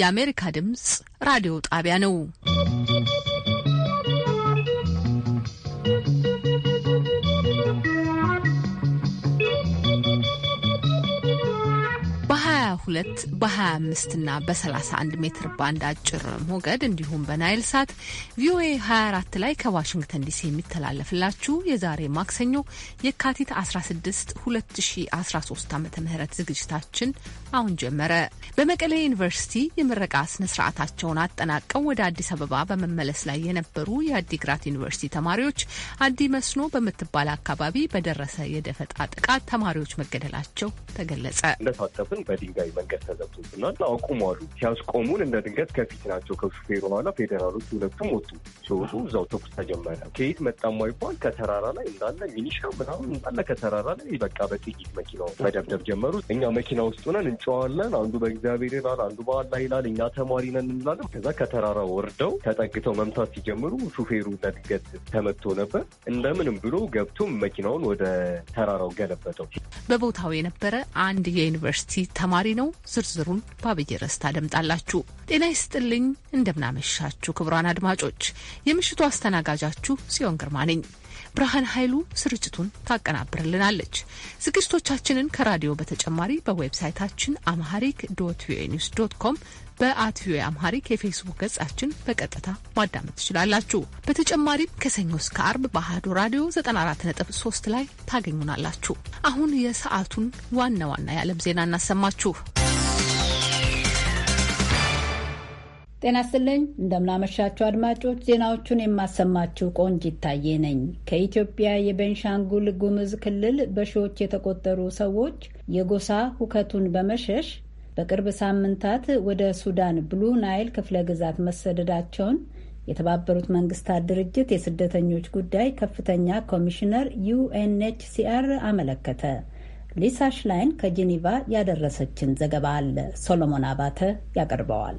የአሜሪካ ድምጽ ራዲዮ ጣቢያ ነው። በ በ25 እና በ31 ሜትር ባንድ አጭር ሞገድ እንዲሁም በናይል ሳት ቪኦኤ 24 ላይ ከዋሽንግተን ዲሲ የሚተላለፍላችሁ የዛሬ ማክሰኞ የካቲት 16 2013 ዓ ም ዝግጅታችን አሁን ጀመረ። በመቀሌ ዩኒቨርሲቲ የምረቃ ስነ ስርዓታቸውን አጠናቀው ወደ አዲስ አበባ በመመለስ ላይ የነበሩ የአዲግራት ዩኒቨርሲቲ ተማሪዎች አዲ መስኖ በምትባል አካባቢ በደረሰ የደፈጣ ጥቃት ተማሪዎች መገደላቸው ተገለጸ። እንደታጠፍን በድንጋይ መንገድ ተዘግቶብናል አሉ። ሲያስቆሙን እንደ ድንገት ከፊት ናቸው። ከሹፌሩ ኋላ ፌዴራሎች ሁለቱም ወጡ። ሲወጡ እዛው ተኩስ ተጀመረ። ከየት መጣማ ይባል ከተራራ ላይ እንዳለ ሚኒሻ ምናምን እንዳለ ከተራራ ላይ በቃ በጥይት መኪናው መደብደብ ጀመሩ። እኛ መኪና ውስጥ ሆነን እንጨዋለን። አንዱ በእግዚአብሔር ይላል፣ አንዱ በአላ ይላል። እኛ ተማሪ ነን እንላለን። ከዛ ከተራራ ወርደው ተጠግተው መምታት ሲጀምሩ ሹፌሩ ድንገት ተመቶ ነበር። እንደምንም ብሎ ገብቶም መኪናውን ወደ ተራራው ገለበጠው። በቦታው የነበረ አንድ የዩኒቨርሲቲ ተማሪ ነው ነው። ዝርዝሩን በአብይ ርዕስ ታደምጣላችሁ። ጤና ይስጥልኝ። እንደምናመሻችሁ ክቡራን አድማጮች፣ የምሽቱ አስተናጋጃችሁ ሲዮን ግርማ ነኝ። ብርሃን ኃይሉ ስርጭቱን ታቀናብርልናለች። ዝግጅቶቻችንን ከራዲዮ በተጨማሪ በዌብሳይታችን አምሃሪክ ዶት ቪኦኤ ኒውስ ዶት ኮም በአት ቪኦኤ አምሃሪክ የፌስቡክ ገጻችን በቀጥታ ማዳመጥ ትችላላችሁ። በተጨማሪም ከሰኞ እስከ አርብ በአህዱ ራዲዮ 94.3 ላይ ታገኙናላችሁ። አሁን የሰዓቱን ዋና ዋና የዓለም ዜና እናሰማችሁ። ጤና ስልኝ እንደምናመሻችሁ አድማጮች፣ ዜናዎቹን የማሰማችሁ ቆንጅ ይታየ ነኝ። ከኢትዮጵያ የቤንሻንጉል ጉምዝ ክልል በሺዎች የተቆጠሩ ሰዎች የጎሳ ሁከቱን በመሸሽ በቅርብ ሳምንታት ወደ ሱዳን ብሉ ናይል ክፍለ ግዛት መሰደዳቸውን የተባበሩት መንግስታት ድርጅት የስደተኞች ጉዳይ ከፍተኛ ኮሚሽነር ዩኤንኤችሲአር አመለከተ። ሊሳ ሽላይን ከጄኔቫ ያደረሰችን ዘገባ አለ። ሶሎሞን አባተ ያቀርበዋል።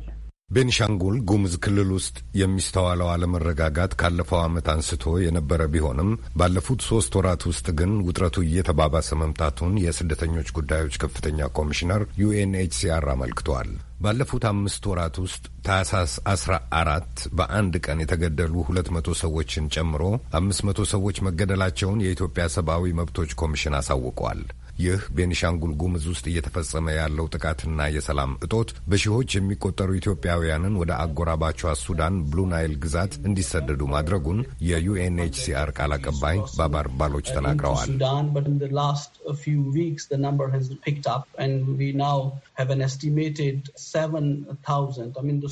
ቤንሻንጉል ጉሙዝ ክልል ውስጥ የሚስተዋለው አለመረጋጋት ካለፈው ዓመት አንስቶ የነበረ ቢሆንም ባለፉት ሶስት ወራት ውስጥ ግን ውጥረቱ እየተባባሰ መምጣቱን የስደተኞች ጉዳዮች ከፍተኛ ኮሚሽነር ዩኤንኤችሲአር አመልክቷል። ባለፉት አምስት ወራት ውስጥ ታህሳስ አስራ አራት በአንድ ቀን የተገደሉ ሁለት መቶ ሰዎችን ጨምሮ አምስት መቶ ሰዎች መገደላቸውን የኢትዮጵያ ሰብአዊ መብቶች ኮሚሽን አሳውቋል። ይህ ቤኒሻንጉል ጉምዝ ውስጥ እየተፈጸመ ያለው ጥቃትና የሰላም እጦት በሺዎች የሚቆጠሩ ኢትዮጵያውያንን ወደ አጎራባቿ ሱዳን ብሉ ናይል ግዛት እንዲሰደዱ ማድረጉን የዩኤንኤችሲአር ቃል አቀባይ ባባር ባሎች ተናግረዋል።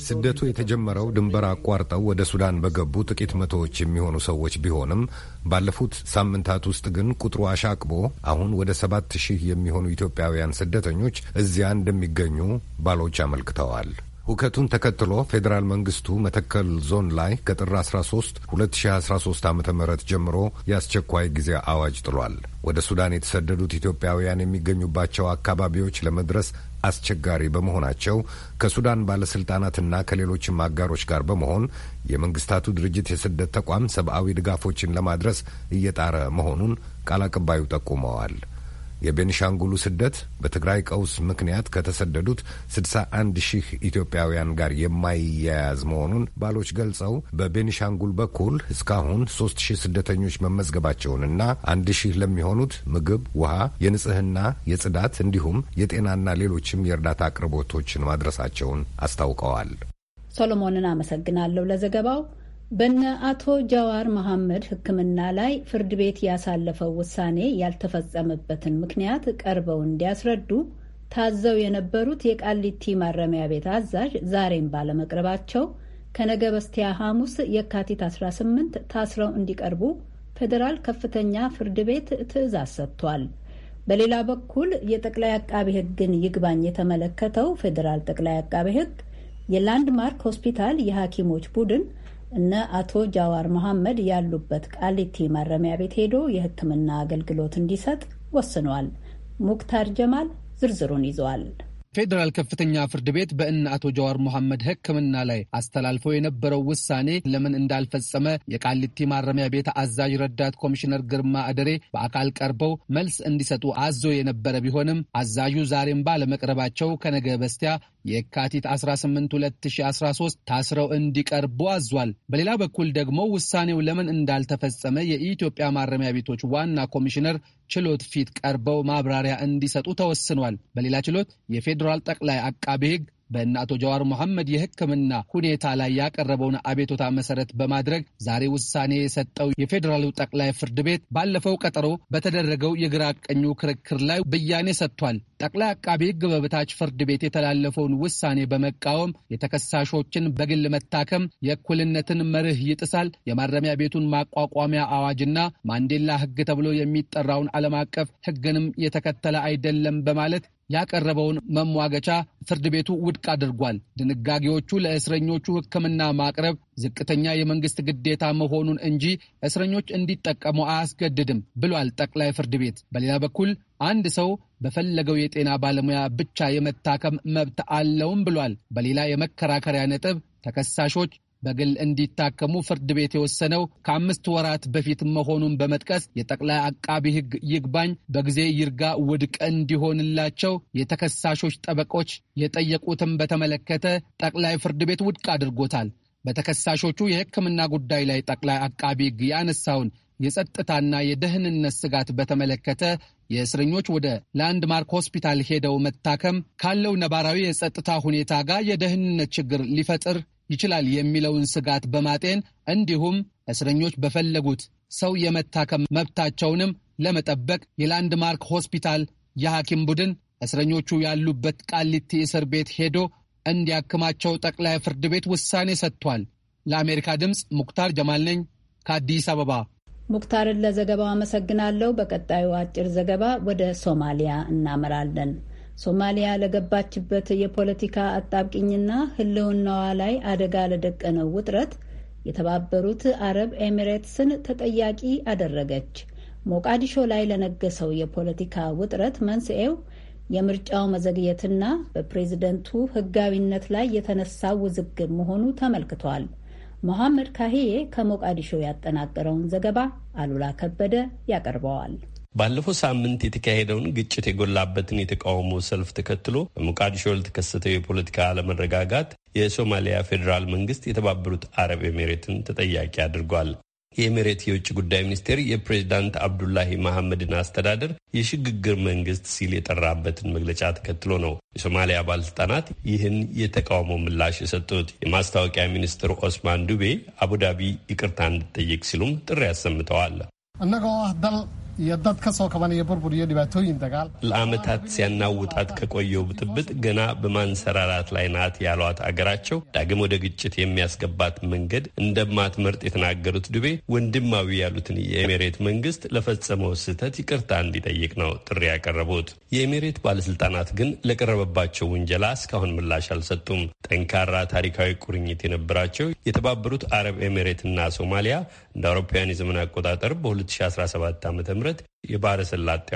ስደቱ የተጀመረው ድንበር አቋርጠው ወደ ሱዳን በገቡ ጥቂት መቶዎች የሚሆኑ ሰዎች ቢሆንም ባለፉት ሳምንታት ውስጥ ግን ቁጥሩ አሻቅቦ አሁን ወደ ሰባት ሺህ የሚሆኑ ኢትዮጵያውያን ስደተኞች እዚያ እንደሚገኙ ባሎች አመልክተዋል። ሁከቱን ተከትሎ ፌዴራል መንግስቱ መተከል ዞን ላይ ከጥር 13 2013 ዓ ም ጀምሮ የአስቸኳይ ጊዜ አዋጅ ጥሏል። ወደ ሱዳን የተሰደዱት ኢትዮጵያውያን የሚገኙባቸው አካባቢዎች ለመድረስ አስቸጋሪ በመሆናቸው ከሱዳን ባለስልጣናትና ከሌሎችም አጋሮች ጋር በመሆን የመንግስታቱ ድርጅት የስደት ተቋም ሰብአዊ ድጋፎችን ለማድረስ እየጣረ መሆኑን ቃል አቀባዩ ጠቁመዋል። የቤኒሻንጉሉ ስደት በትግራይ ቀውስ ምክንያት ከተሰደዱት ስድሳ አንድ ሺህ ኢትዮጵያውያን ጋር የማይያያዝ መሆኑን ባሎች ገልጸው በቤኒሻንጉል በኩል እስካሁን ሶስት ሺህ ስደተኞች መመዝገባቸውንና አንድ ሺህ ለሚሆኑት ምግብ፣ ውሃ፣ የንጽህና፣ የጽዳት እንዲሁም የጤናና ሌሎችም የእርዳታ አቅርቦቶችን ማድረሳቸውን አስታውቀዋል። ሶሎሞንን አመሰግናለሁ ለዘገባው። በነ አቶ ጃዋር መሐመድ ሕክምና ላይ ፍርድ ቤት ያሳለፈው ውሳኔ ያልተፈጸመበትን ምክንያት ቀርበው እንዲያስረዱ ታዘው የነበሩት የቃሊቲ ማረሚያ ቤት አዛዥ ዛሬም ባለመቅረባቸው ከነገ በስቲያ ሐሙስ የካቲት 18 ታስረው እንዲቀርቡ ፌዴራል ከፍተኛ ፍርድ ቤት ትዕዛዝ ሰጥቷል። በሌላ በኩል የጠቅላይ አቃቤ ሕግን ይግባኝ የተመለከተው ፌዴራል ጠቅላይ አቃቤ ሕግ የላንድማርክ ሆስፒታል የሐኪሞች ቡድን እነ አቶ ጃዋር መሐመድ ያሉበት ቃሊቲ ማረሚያ ቤት ሄዶ የሕክምና አገልግሎት እንዲሰጥ ወስኗል። ሙክታር ጀማል ዝርዝሩን ይዘዋል። ፌዴራል ከፍተኛ ፍርድ ቤት በእነ አቶ ጀዋር መሐመድ ህክምና ላይ አስተላልፎ የነበረው ውሳኔ ለምን እንዳልፈጸመ የቃሊቲ ማረሚያ ቤት አዛዥ ረዳት ኮሚሽነር ግርማ አደሬ በአካል ቀርበው መልስ እንዲሰጡ አዞ የነበረ ቢሆንም አዛዡ ዛሬም ባለመቅረባቸው ከነገ በስቲያ የካቲት 18 2013 ታስረው እንዲቀርቡ አዟል። በሌላ በኩል ደግሞ ውሳኔው ለምን እንዳልተፈጸመ የኢትዮጵያ ማረሚያ ቤቶች ዋና ኮሚሽነር ችሎት ፊት ቀርበው ማብራሪያ እንዲሰጡ ተወስኗል። በሌላ ችሎት የፌዴራል ጠቅላይ አቃቤ ሕግ በእነ አቶ ጀዋር መሐመድ የሕክምና ሁኔታ ላይ ያቀረበውን አቤቶታ መሰረት በማድረግ ዛሬ ውሳኔ የሰጠው የፌዴራሉ ጠቅላይ ፍርድ ቤት ባለፈው ቀጠሮ በተደረገው የግራ ቀኙ ክርክር ላይ ብያኔ ሰጥቷል። ጠቅላይ አቃቢ ሕግ በበታች ፍርድ ቤት የተላለፈውን ውሳኔ በመቃወም የተከሳሾችን በግል መታከም የእኩልነትን መርህ ይጥሳል፣ የማረሚያ ቤቱን ማቋቋሚያ አዋጅና ማንዴላ ሕግ ተብሎ የሚጠራውን ዓለም አቀፍ ሕግንም የተከተለ አይደለም በማለት ያቀረበውን መሟገቻ ፍርድ ቤቱ ውድቅ አድርጓል። ድንጋጌዎቹ ለእስረኞቹ ሕክምና ማቅረብ ዝቅተኛ የመንግስት ግዴታ መሆኑን እንጂ እስረኞች እንዲጠቀሙ አያስገድድም ብሏል ጠቅላይ ፍርድ ቤት። በሌላ በኩል አንድ ሰው በፈለገው የጤና ባለሙያ ብቻ የመታከም መብት አለውም ብሏል። በሌላ የመከራከሪያ ነጥብ ተከሳሾች በግል እንዲታከሙ ፍርድ ቤት የወሰነው ከአምስት ወራት በፊት መሆኑን በመጥቀስ የጠቅላይ አቃቢ ሕግ ይግባኝ በጊዜ ይርጋ ውድቅ እንዲሆንላቸው የተከሳሾች ጠበቆች የጠየቁትን በተመለከተ ጠቅላይ ፍርድ ቤት ውድቅ አድርጎታል። በተከሳሾቹ የሕክምና ጉዳይ ላይ ጠቅላይ አቃቢ ሕግ ያነሳውን የጸጥታና የደህንነት ስጋት በተመለከተ የእስረኞች ወደ ላንድማርክ ሆስፒታል ሄደው መታከም ካለው ነባራዊ የጸጥታ ሁኔታ ጋር የደህንነት ችግር ሊፈጥር ይችላል የሚለውን ስጋት በማጤን እንዲሁም እስረኞች በፈለጉት ሰው የመታከም መብታቸውንም ለመጠበቅ የላንድማርክ ሆስፒታል የሐኪም ቡድን እስረኞቹ ያሉበት ቃሊቲ እስር ቤት ሄዶ እንዲያክማቸው ጠቅላይ ፍርድ ቤት ውሳኔ ሰጥቷል። ለአሜሪካ ድምፅ ሙክታር ጀማል ነኝ ከአዲስ አበባ። ሙክታርን ለዘገባው አመሰግናለሁ። በቀጣዩ አጭር ዘገባ ወደ ሶማሊያ እናመራለን። ሶማሊያ ለገባችበት የፖለቲካ አጣብቂኝና ሕልውናዋ ላይ አደጋ ለደቀነው ውጥረት የተባበሩት አረብ ኤሚሬትስን ተጠያቂ አደረገች። ሞቃዲሾ ላይ ለነገሰው የፖለቲካ ውጥረት መንስኤው የምርጫው መዘግየትና በፕሬዝደንቱ ሕጋዊነት ላይ የተነሳው ውዝግብ መሆኑ ተመልክቷል። መሐመድ ካሂዬ ከሞቃዲሾ ያጠናቀረውን ዘገባ አሉላ ከበደ ያቀርበዋል። ባለፈው ሳምንት የተካሄደውን ግጭት የጎላበትን የተቃውሞ ሰልፍ ተከትሎ በሞቃዲሾ ለተከሰተው የፖለቲካ አለመረጋጋት የሶማሊያ ፌዴራል መንግስት የተባበሩት አረብ ኤሜሬትን ተጠያቂ አድርጓል። የኤሜሬት የውጭ ጉዳይ ሚኒስቴር የፕሬዚዳንት አብዱላሂ መሐመድን አስተዳደር የሽግግር መንግስት ሲል የጠራበትን መግለጫ ተከትሎ ነው የሶማሊያ ባለስልጣናት ይህን የተቃውሞ ምላሽ የሰጡት። የማስታወቂያ ሚኒስትር ኦስማን ዱቤ አቡዳቢ ይቅርታ እንድጠይቅ ሲሉም ጥሪ አሰምተዋል። የዳት ከሰው ከባነ soo kaban iyo ለአመታት ለዓመታት ሲያናውጣት ከቆየው ብጥብጥ ገና በማንሰራራት ላይ ናት ያሏት አገራቸው ዳግም ወደ ግጭት የሚያስገባት መንገድ እንደማትመርጥ የተናገሩት ዱቤ ወንድማዊ ያሉትን የኤሜሬት መንግስት ለፈጸመው ስህተት ይቅርታ እንዲጠይቅ ነው ጥሪ ያቀረቡት። የኤሜሬት ባለስልጣናት ግን ለቀረበባቸው ውንጀላ እስካሁን ምላሽ አልሰጡም። ጠንካራ ታሪካዊ ቁርኝት የነበራቸው የተባበሩት አረብ ኤሜሬትና ሶማሊያ እንደ አውሮፓውያን የዘመን አቆጣጠር በ2017 ዓ ም የባህረ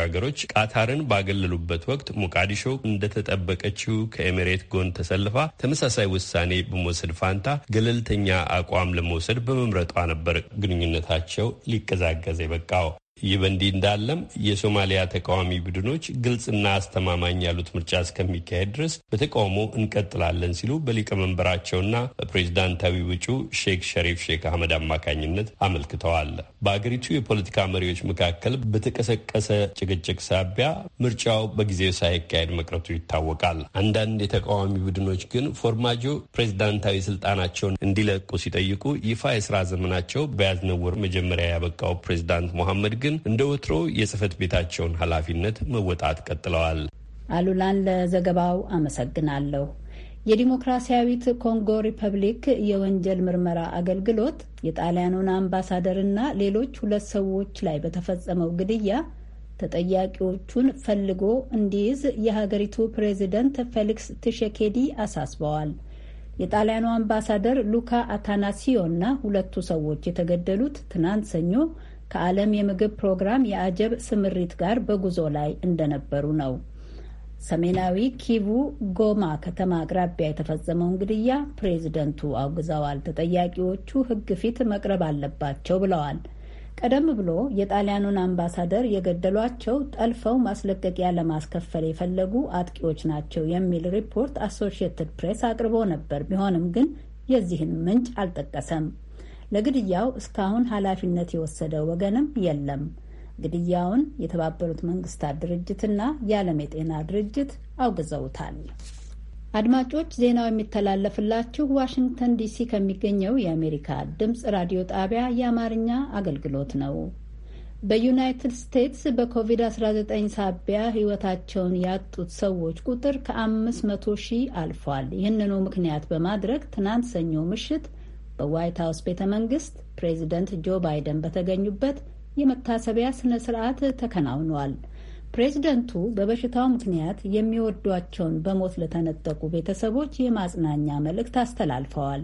ሀገሮች ቃታርን ባገለሉበት ወቅት ሞቃዲሾ እንደተጠበቀችው ከኤሜሬት ጎን ተሰልፋ ተመሳሳይ ውሳኔ በመውሰድ ፋንታ ገለልተኛ አቋም ለመውሰድ በመምረጧ ነበር ግንኙነታቸው ሊቀዛቀዝ የበቃው። ይህ በእንዲህ እንዳለም የሶማሊያ ተቃዋሚ ቡድኖች ግልጽና አስተማማኝ ያሉት ምርጫ እስከሚካሄድ ድረስ በተቃውሞ እንቀጥላለን ሲሉ በሊቀመንበራቸውና በፕሬዝዳንታዊ ውጩ ሼክ ሸሪፍ ሼክ አህመድ አማካኝነት አመልክተዋል። በአገሪቱ የፖለቲካ መሪዎች መካከል በተቀሰቀሰ ጭቅጭቅ ሳቢያ ምርጫው በጊዜው ሳይካሄድ መቅረቱ ይታወቃል። አንዳንድ የተቃዋሚ ቡድኖች ግን ፎርማጆ ፕሬዝዳንታዊ ስልጣናቸውን እንዲለቁ ሲጠይቁ ይፋ የስራ ዘመናቸው በያዝነው ወር መጀመሪያ ያበቃው ፕሬዝዳንት ሞሐመድ ግን ግን እንደ ወትሮ የጽህፈት ቤታቸውን ኃላፊነት መወጣት ቀጥለዋል። አሉላን ለዘገባው አመሰግናለሁ። የዲሞክራሲያዊት ኮንጎ ሪፐብሊክ የወንጀል ምርመራ አገልግሎት የጣሊያኑን አምባሳደርና ሌሎች ሁለት ሰዎች ላይ በተፈጸመው ግድያ ተጠያቂዎቹን ፈልጎ እንዲይዝ የሀገሪቱ ፕሬዚደንት ፌሊክስ ትሸኬዲ አሳስበዋል። የጣሊያኑ አምባሳደር ሉካ አታናሲዮ እና ሁለቱ ሰዎች የተገደሉት ትናንት ሰኞ ከዓለም የምግብ ፕሮግራም የአጀብ ስምሪት ጋር በጉዞ ላይ እንደነበሩ ነው። ሰሜናዊ ኪቡ ጎማ ከተማ አቅራቢያ የተፈጸመውን ግድያ ፕሬዚደንቱ አውግዘዋል። ተጠያቂዎቹ ሕግ ፊት መቅረብ አለባቸው ብለዋል። ቀደም ብሎ የጣሊያኑን አምባሳደር የገደሏቸው ጠልፈው ማስለቀቂያ ለማስከፈል የፈለጉ አጥቂዎች ናቸው የሚል ሪፖርት አሶሺየትድ ፕሬስ አቅርቦ ነበር። ቢሆንም ግን የዚህን ምንጭ አልጠቀሰም። ለግድያው እስካሁን ኃላፊነት የወሰደ ወገንም የለም። ግድያውን የተባበሩት መንግስታት ድርጅትና የዓለም የጤና ድርጅት አውግዘውታል። አድማጮች፣ ዜናው የሚተላለፍላችሁ ዋሽንግተን ዲሲ ከሚገኘው የአሜሪካ ድምፅ ራዲዮ ጣቢያ የአማርኛ አገልግሎት ነው። በዩናይትድ ስቴትስ በኮቪድ-19 ሳቢያ ሕይወታቸውን ያጡት ሰዎች ቁጥር ከአምስት መቶ ሺህ አልፏል። ይህንኑ ምክንያት በማድረግ ትናንት ሰኞ ምሽት በዋይት ሀውስ ቤተ መንግስት ፕሬዚደንት ጆ ባይደን በተገኙበት የመታሰቢያ ስነ ስርዓት ተከናውኗል። ፕሬዚደንቱ በበሽታው ምክንያት የሚወዷቸውን በሞት ለተነጠቁ ቤተሰቦች የማጽናኛ መልእክት አስተላልፈዋል።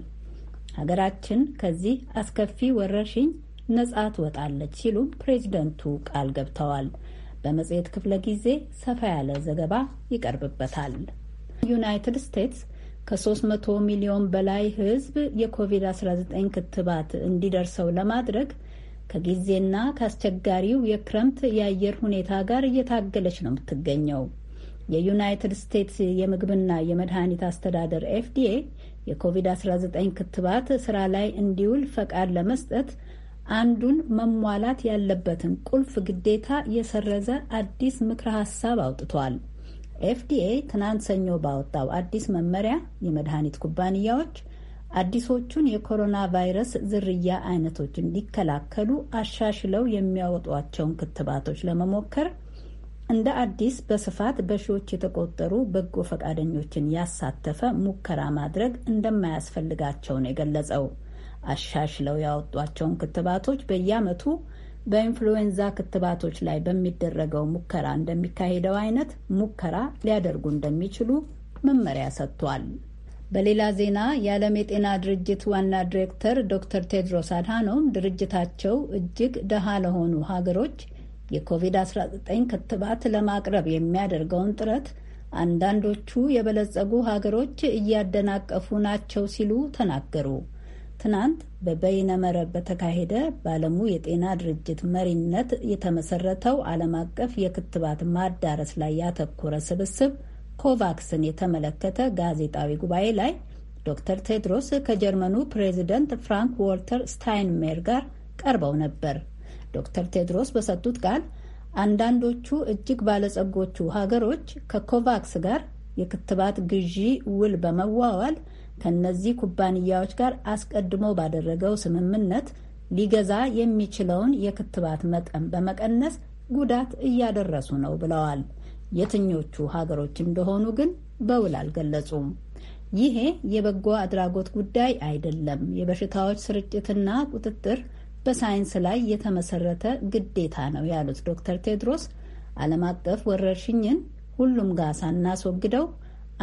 ሀገራችን ከዚህ አስከፊ ወረርሽኝ ነጻ ትወጣለች ሲሉም ፕሬዚደንቱ ቃል ገብተዋል። በመጽሔት ክፍለ ጊዜ ሰፋ ያለ ዘገባ ይቀርብበታል። ዩናይትድ ስቴትስ ከ300 ሚሊዮን በላይ ህዝብ የኮቪድ-19 ክትባት እንዲደርሰው ለማድረግ ከጊዜና ከአስቸጋሪው የክረምት የአየር ሁኔታ ጋር እየታገለች ነው የምትገኘው። የዩናይትድ ስቴትስ የምግብና የመድኃኒት አስተዳደር ኤፍዲኤ የኮቪድ-19 ክትባት ስራ ላይ እንዲውል ፈቃድ ለመስጠት አንዱን መሟላት ያለበትን ቁልፍ ግዴታ የሰረዘ አዲስ ምክረ ሀሳብ አውጥቷል። ኤፍዲኤ ትናንት ሰኞ ባወጣው አዲስ መመሪያ የመድኃኒት ኩባንያዎች አዲሶቹን የኮሮና ቫይረስ ዝርያ አይነቶች እንዲከላከሉ አሻሽለው የሚያወጧቸውን ክትባቶች ለመሞከር እንደ አዲስ በስፋት በሺዎች የተቆጠሩ በጎ ፈቃደኞችን ያሳተፈ ሙከራ ማድረግ እንደማያስፈልጋቸው ነው የገለጸው። አሻሽለው ያወጧቸውን ክትባቶች በየዓመቱ በኢንፍሉዌንዛ ክትባቶች ላይ በሚደረገው ሙከራ እንደሚካሄደው አይነት ሙከራ ሊያደርጉ እንደሚችሉ መመሪያ ሰጥቷል። በሌላ ዜና የዓለም የጤና ድርጅት ዋና ዲሬክተር ዶክተር ቴድሮስ አድሃኖም ድርጅታቸው እጅግ ደሃ ለሆኑ ሀገሮች የኮቪድ-19 ክትባት ለማቅረብ የሚያደርገውን ጥረት አንዳንዶቹ የበለጸጉ ሀገሮች እያደናቀፉ ናቸው ሲሉ ተናገሩ። ትናንት በበይነመረብ በተካሄደ በዓለሙ የጤና ድርጅት መሪነት የተመሰረተው ዓለም አቀፍ የክትባት ማዳረስ ላይ ያተኮረ ስብስብ ኮቫክስን የተመለከተ ጋዜጣዊ ጉባኤ ላይ ዶክተር ቴድሮስ ከጀርመኑ ፕሬዚደንት ፍራንክ ዎልተር ስታይንሜር ጋር ቀርበው ነበር። ዶክተር ቴድሮስ በሰጡት ቃል አንዳንዶቹ እጅግ ባለጸጎቹ ሀገሮች ከኮቫክስ ጋር የክትባት ግዢ ውል በመዋዋል ከእነዚህ ኩባንያዎች ጋር አስቀድሞ ባደረገው ስምምነት ሊገዛ የሚችለውን የክትባት መጠን በመቀነስ ጉዳት እያደረሱ ነው ብለዋል። የትኞቹ ሀገሮች እንደሆኑ ግን በውል አልገለጹም። ይሄ የበጎ አድራጎት ጉዳይ አይደለም፣ የበሽታዎች ስርጭትና ቁጥጥር በሳይንስ ላይ የተመሰረተ ግዴታ ነው ያሉት ዶክተር ቴድሮስ ዓለም አቀፍ ወረርሽኝን ሁሉም ጋር ሳናስወግደው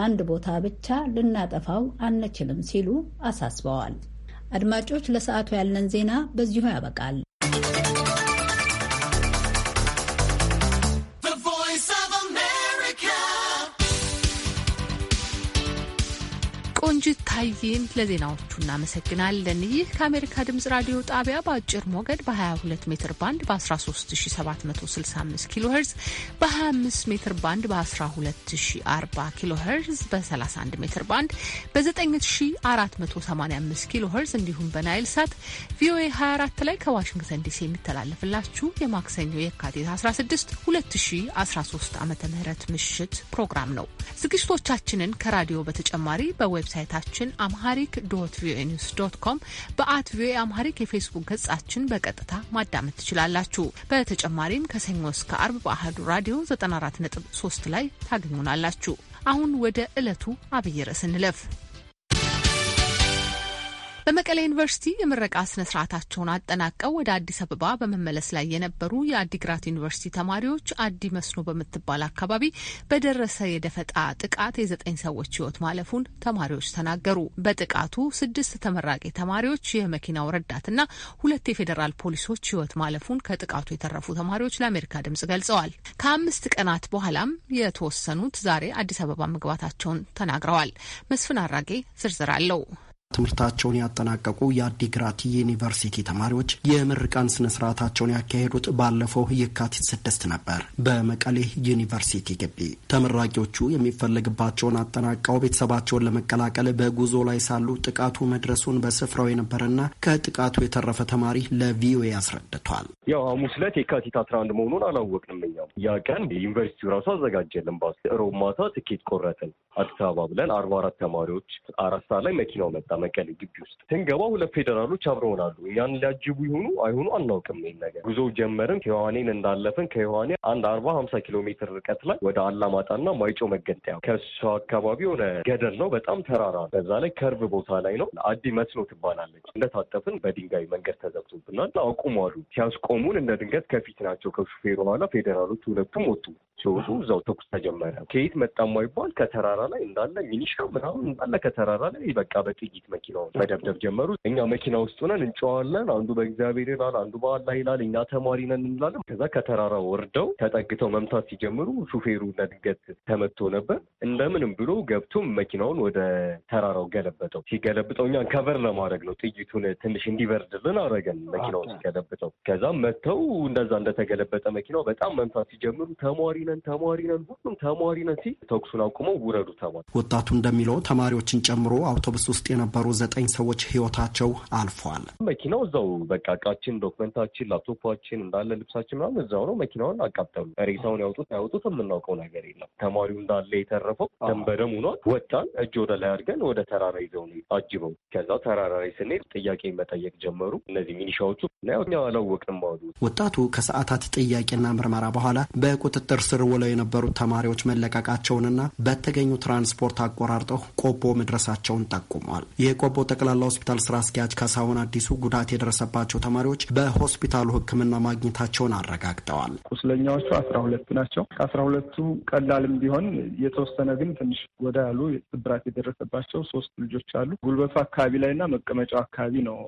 አንድ ቦታ ብቻ ልናጠፋው አንችልም ሲሉ አሳስበዋል። አድማጮች፣ ለሰዓቱ ያለን ዜና በዚሁ ያበቃል። ታዬን ለዜናዎቹ እናመሰግናለን። ይህ ከአሜሪካ ድምጽ ራዲዮ ጣቢያ በአጭር ሞገድ በ22 ሜትር ባንድ በ13765 ኪሎ ሄርዝ፣ በ25 ሜትር ባንድ በ1240 ኪሎ ሄርዝ፣ በ31 ሜትር ባንድ በ9485 ኪሎ ሄርዝ እንዲሁም በናይል ሳት ቪኦኤ 24 ላይ ከዋሽንግተን ዲሲ የሚተላለፍላችሁ የማክሰኞ የካቲት 16 2013 ዓ ም ምሽት ፕሮግራም ነው። ዝግጅቶቻችንን ከራዲዮ በተጨማሪ በዌብሳይታችን ገጻችን አምሃሪክ ዶት ቪኦኤ ኒውስ ዶት ኮም፣ በአት ቪኦኤ አምሃሪክ የፌስቡክ ገጻችን በቀጥታ ማዳመጥ ትችላላችሁ። በተጨማሪም ከሰኞ እስከ አርብ በአህዱ ራዲዮ 94.3 ላይ ታገኙናላችሁ። አሁን ወደ ዕለቱ አብይ ርዕስ እንለፍ። በመቀሌ ዩኒቨርሲቲ የምረቃ ስነ-ስርዓታቸውን አጠናቀው ወደ አዲስ አበባ በመመለስ ላይ የነበሩ የአዲግራት ዩኒቨርሲቲ ተማሪዎች አዲ መስኖ በምትባል አካባቢ በደረሰ የደፈጣ ጥቃት የዘጠኝ ሰዎች ህይወት ማለፉን ተማሪዎች ተናገሩ። በጥቃቱ ስድስት ተመራቂ ተማሪዎች፣ የመኪናው ረዳትና ሁለት የፌዴራል ፖሊሶች ህይወት ማለፉን ከጥቃቱ የተረፉ ተማሪዎች ለአሜሪካ ድምጽ ገልጸዋል። ከአምስት ቀናት በኋላም የተወሰኑት ዛሬ አዲስ አበባ መግባታቸውን ተናግረዋል። መስፍን አራጌ ዝርዝር አለው። ትምህርታቸውን ያጠናቀቁ የአዲግራት ዩኒቨርሲቲ ተማሪዎች የምርቃን ስነ ስርዓታቸውን ያካሄዱት ባለፈው የካቲት ስድስት ነበር በመቀሌ ዩኒቨርሲቲ ግቢ። ተመራቂዎቹ የሚፈለግባቸውን አጠናቀው ቤተሰባቸውን ለመቀላቀል በጉዞ ላይ ሳሉ ጥቃቱ መድረሱን በስፍራው የነበረና ከጥቃቱ የተረፈ ተማሪ ለቪኦኤ አስረድቷል። ያው ሐሙስ ዕለት የካቲት አስራ አንድ መሆኑን አላወቅንም። እኛም ያ ቀን ዩኒቨርሲቲው ራሱ አዘጋጀልን ባስ ሮብ ማታ ትኬት ቆረጥን አዲስ አበባ ብለን አርባ አራት ተማሪዎች አራት ሰዓት ላይ መኪናው መጣ መቀሌ ግቢ ውስጥ ስንገባ ሁለት ፌዴራሎች አብረውን አሉ። ያን ሊያጅቡ ይሆኑ አይሆኑ አናውቅም። ይል ነገር ጉዞው ጀመርን። ከዮሐኔን እንዳለፍን ከዮሐኔ አንድ አርባ ሀምሳ ኪሎ ሜትር ርቀት ላይ ወደ አላማጣና ማይጮ መገንጠያ ከሱ አካባቢ የሆነ ገደል ነው። በጣም ተራራ በዛ ላይ ከርብ ቦታ ላይ ነው። አዲ መስሎ ትባላለች። እንደታጠፍን በድንጋይ መንገድ ተዘግቶብናል። አቁሙ አሉ። ሲያስቆሙን እንደ ድንገት ከፊት ናቸው። ከሹፌሩ ኋላ ፌዴራሎች ሁለቱም ወጡ። ሲወጡ እዛው ተኩስ ተጀመረ። ከየት መጣ ማይባል ከተራራ ላይ እንዳለ ሚኒሻ ምናምን እንዳለ ከተራራ ላይ በቃ በጥይት ሌሊት መኪናውን መደብደብ ጀመሩ። እኛ መኪና ውስጥ ነን እንጨዋለን። አንዱ በእግዚአብሔር ይላል፣ አንዱ በአላህ ይላል፣ እኛ ተማሪ ነን እንላለን። ከዛ ከተራራ ወርደው ተጠግተው መምታት ሲጀምሩ ሹፌሩ ድንገት ተመቶ ነበር። እንደምንም ብሎ ገብቶም መኪናውን ወደ ተራራው ገለበጠው። ሲገለብጠው እኛን ከበር ለማድረግ ነው። ጥይቱን ትንሽ እንዲበርድልን አረገን መኪናውን ሲገለብጠው። ከዛም መጥተው እንደዛ እንደተገለበጠ መኪናው በጣም መምታት ሲጀምሩ ተማሪ ነን ተማሪ ነን ሁሉም ተማሪ ነን ሲል ተኩሱን አቁመው ውረዱ ተባለ። ወጣቱ እንደሚለው ተማሪዎችን ጨምሮ አውቶቡስ ውስጥ የነበሩ የነበሩ ዘጠኝ ሰዎች ህይወታቸው አልፏል። መኪናው እዛው በቃ እቃችን፣ ዶክመንታችን፣ ላፕቶፓችን እንዳለ ልብሳችን ምናምን እዛው ነው። መኪናውን አቃጠሉ። ሬሳውን ያውጡት ያውጡት የምናውቀው ነገር የለም። ተማሪው እንዳለ የተረፈው ደንበደም በደም ሆኗል። ወጣን። እጅ ወደ ላይ አድርገን ወደ ተራራ ይዘው ነው አጅበው። ከዛ ተራራ ላይ ስንሄድ ጥያቄ መጠየቅ ጀመሩ እነዚህ ሚኒሻዎቹ እኛ አላወቅንም አሉ። ወጣቱ ከሰዓታት ጥያቄና ምርመራ በኋላ በቁጥጥር ስር ውለው የነበሩት ተማሪዎች መለቀቃቸውንና በተገኙ ትራንስፖርት አቆራርጠው ቆቦ መድረሳቸውን ጠቁሟል። የቆቦ ጠቅላላ ሆስፒታል ስራ አስኪያጅ ካሳሁን አዲሱ ጉዳት የደረሰባቸው ተማሪዎች በሆስፒታሉ ሕክምና ማግኘታቸውን አረጋግጠዋል። ቁስለኛዎቹ አስራ ሁለቱ ናቸው። ከአስራ ሁለቱ ቀላልም ቢሆን የተወሰነ ግን ትንሽ ጎዳ ያሉ ስብራት የደረሰባቸው ሶስት ልጆች አሉ። ጉልበቱ አካባቢ ላይ እና መቀመጫው አካባቢ ነው።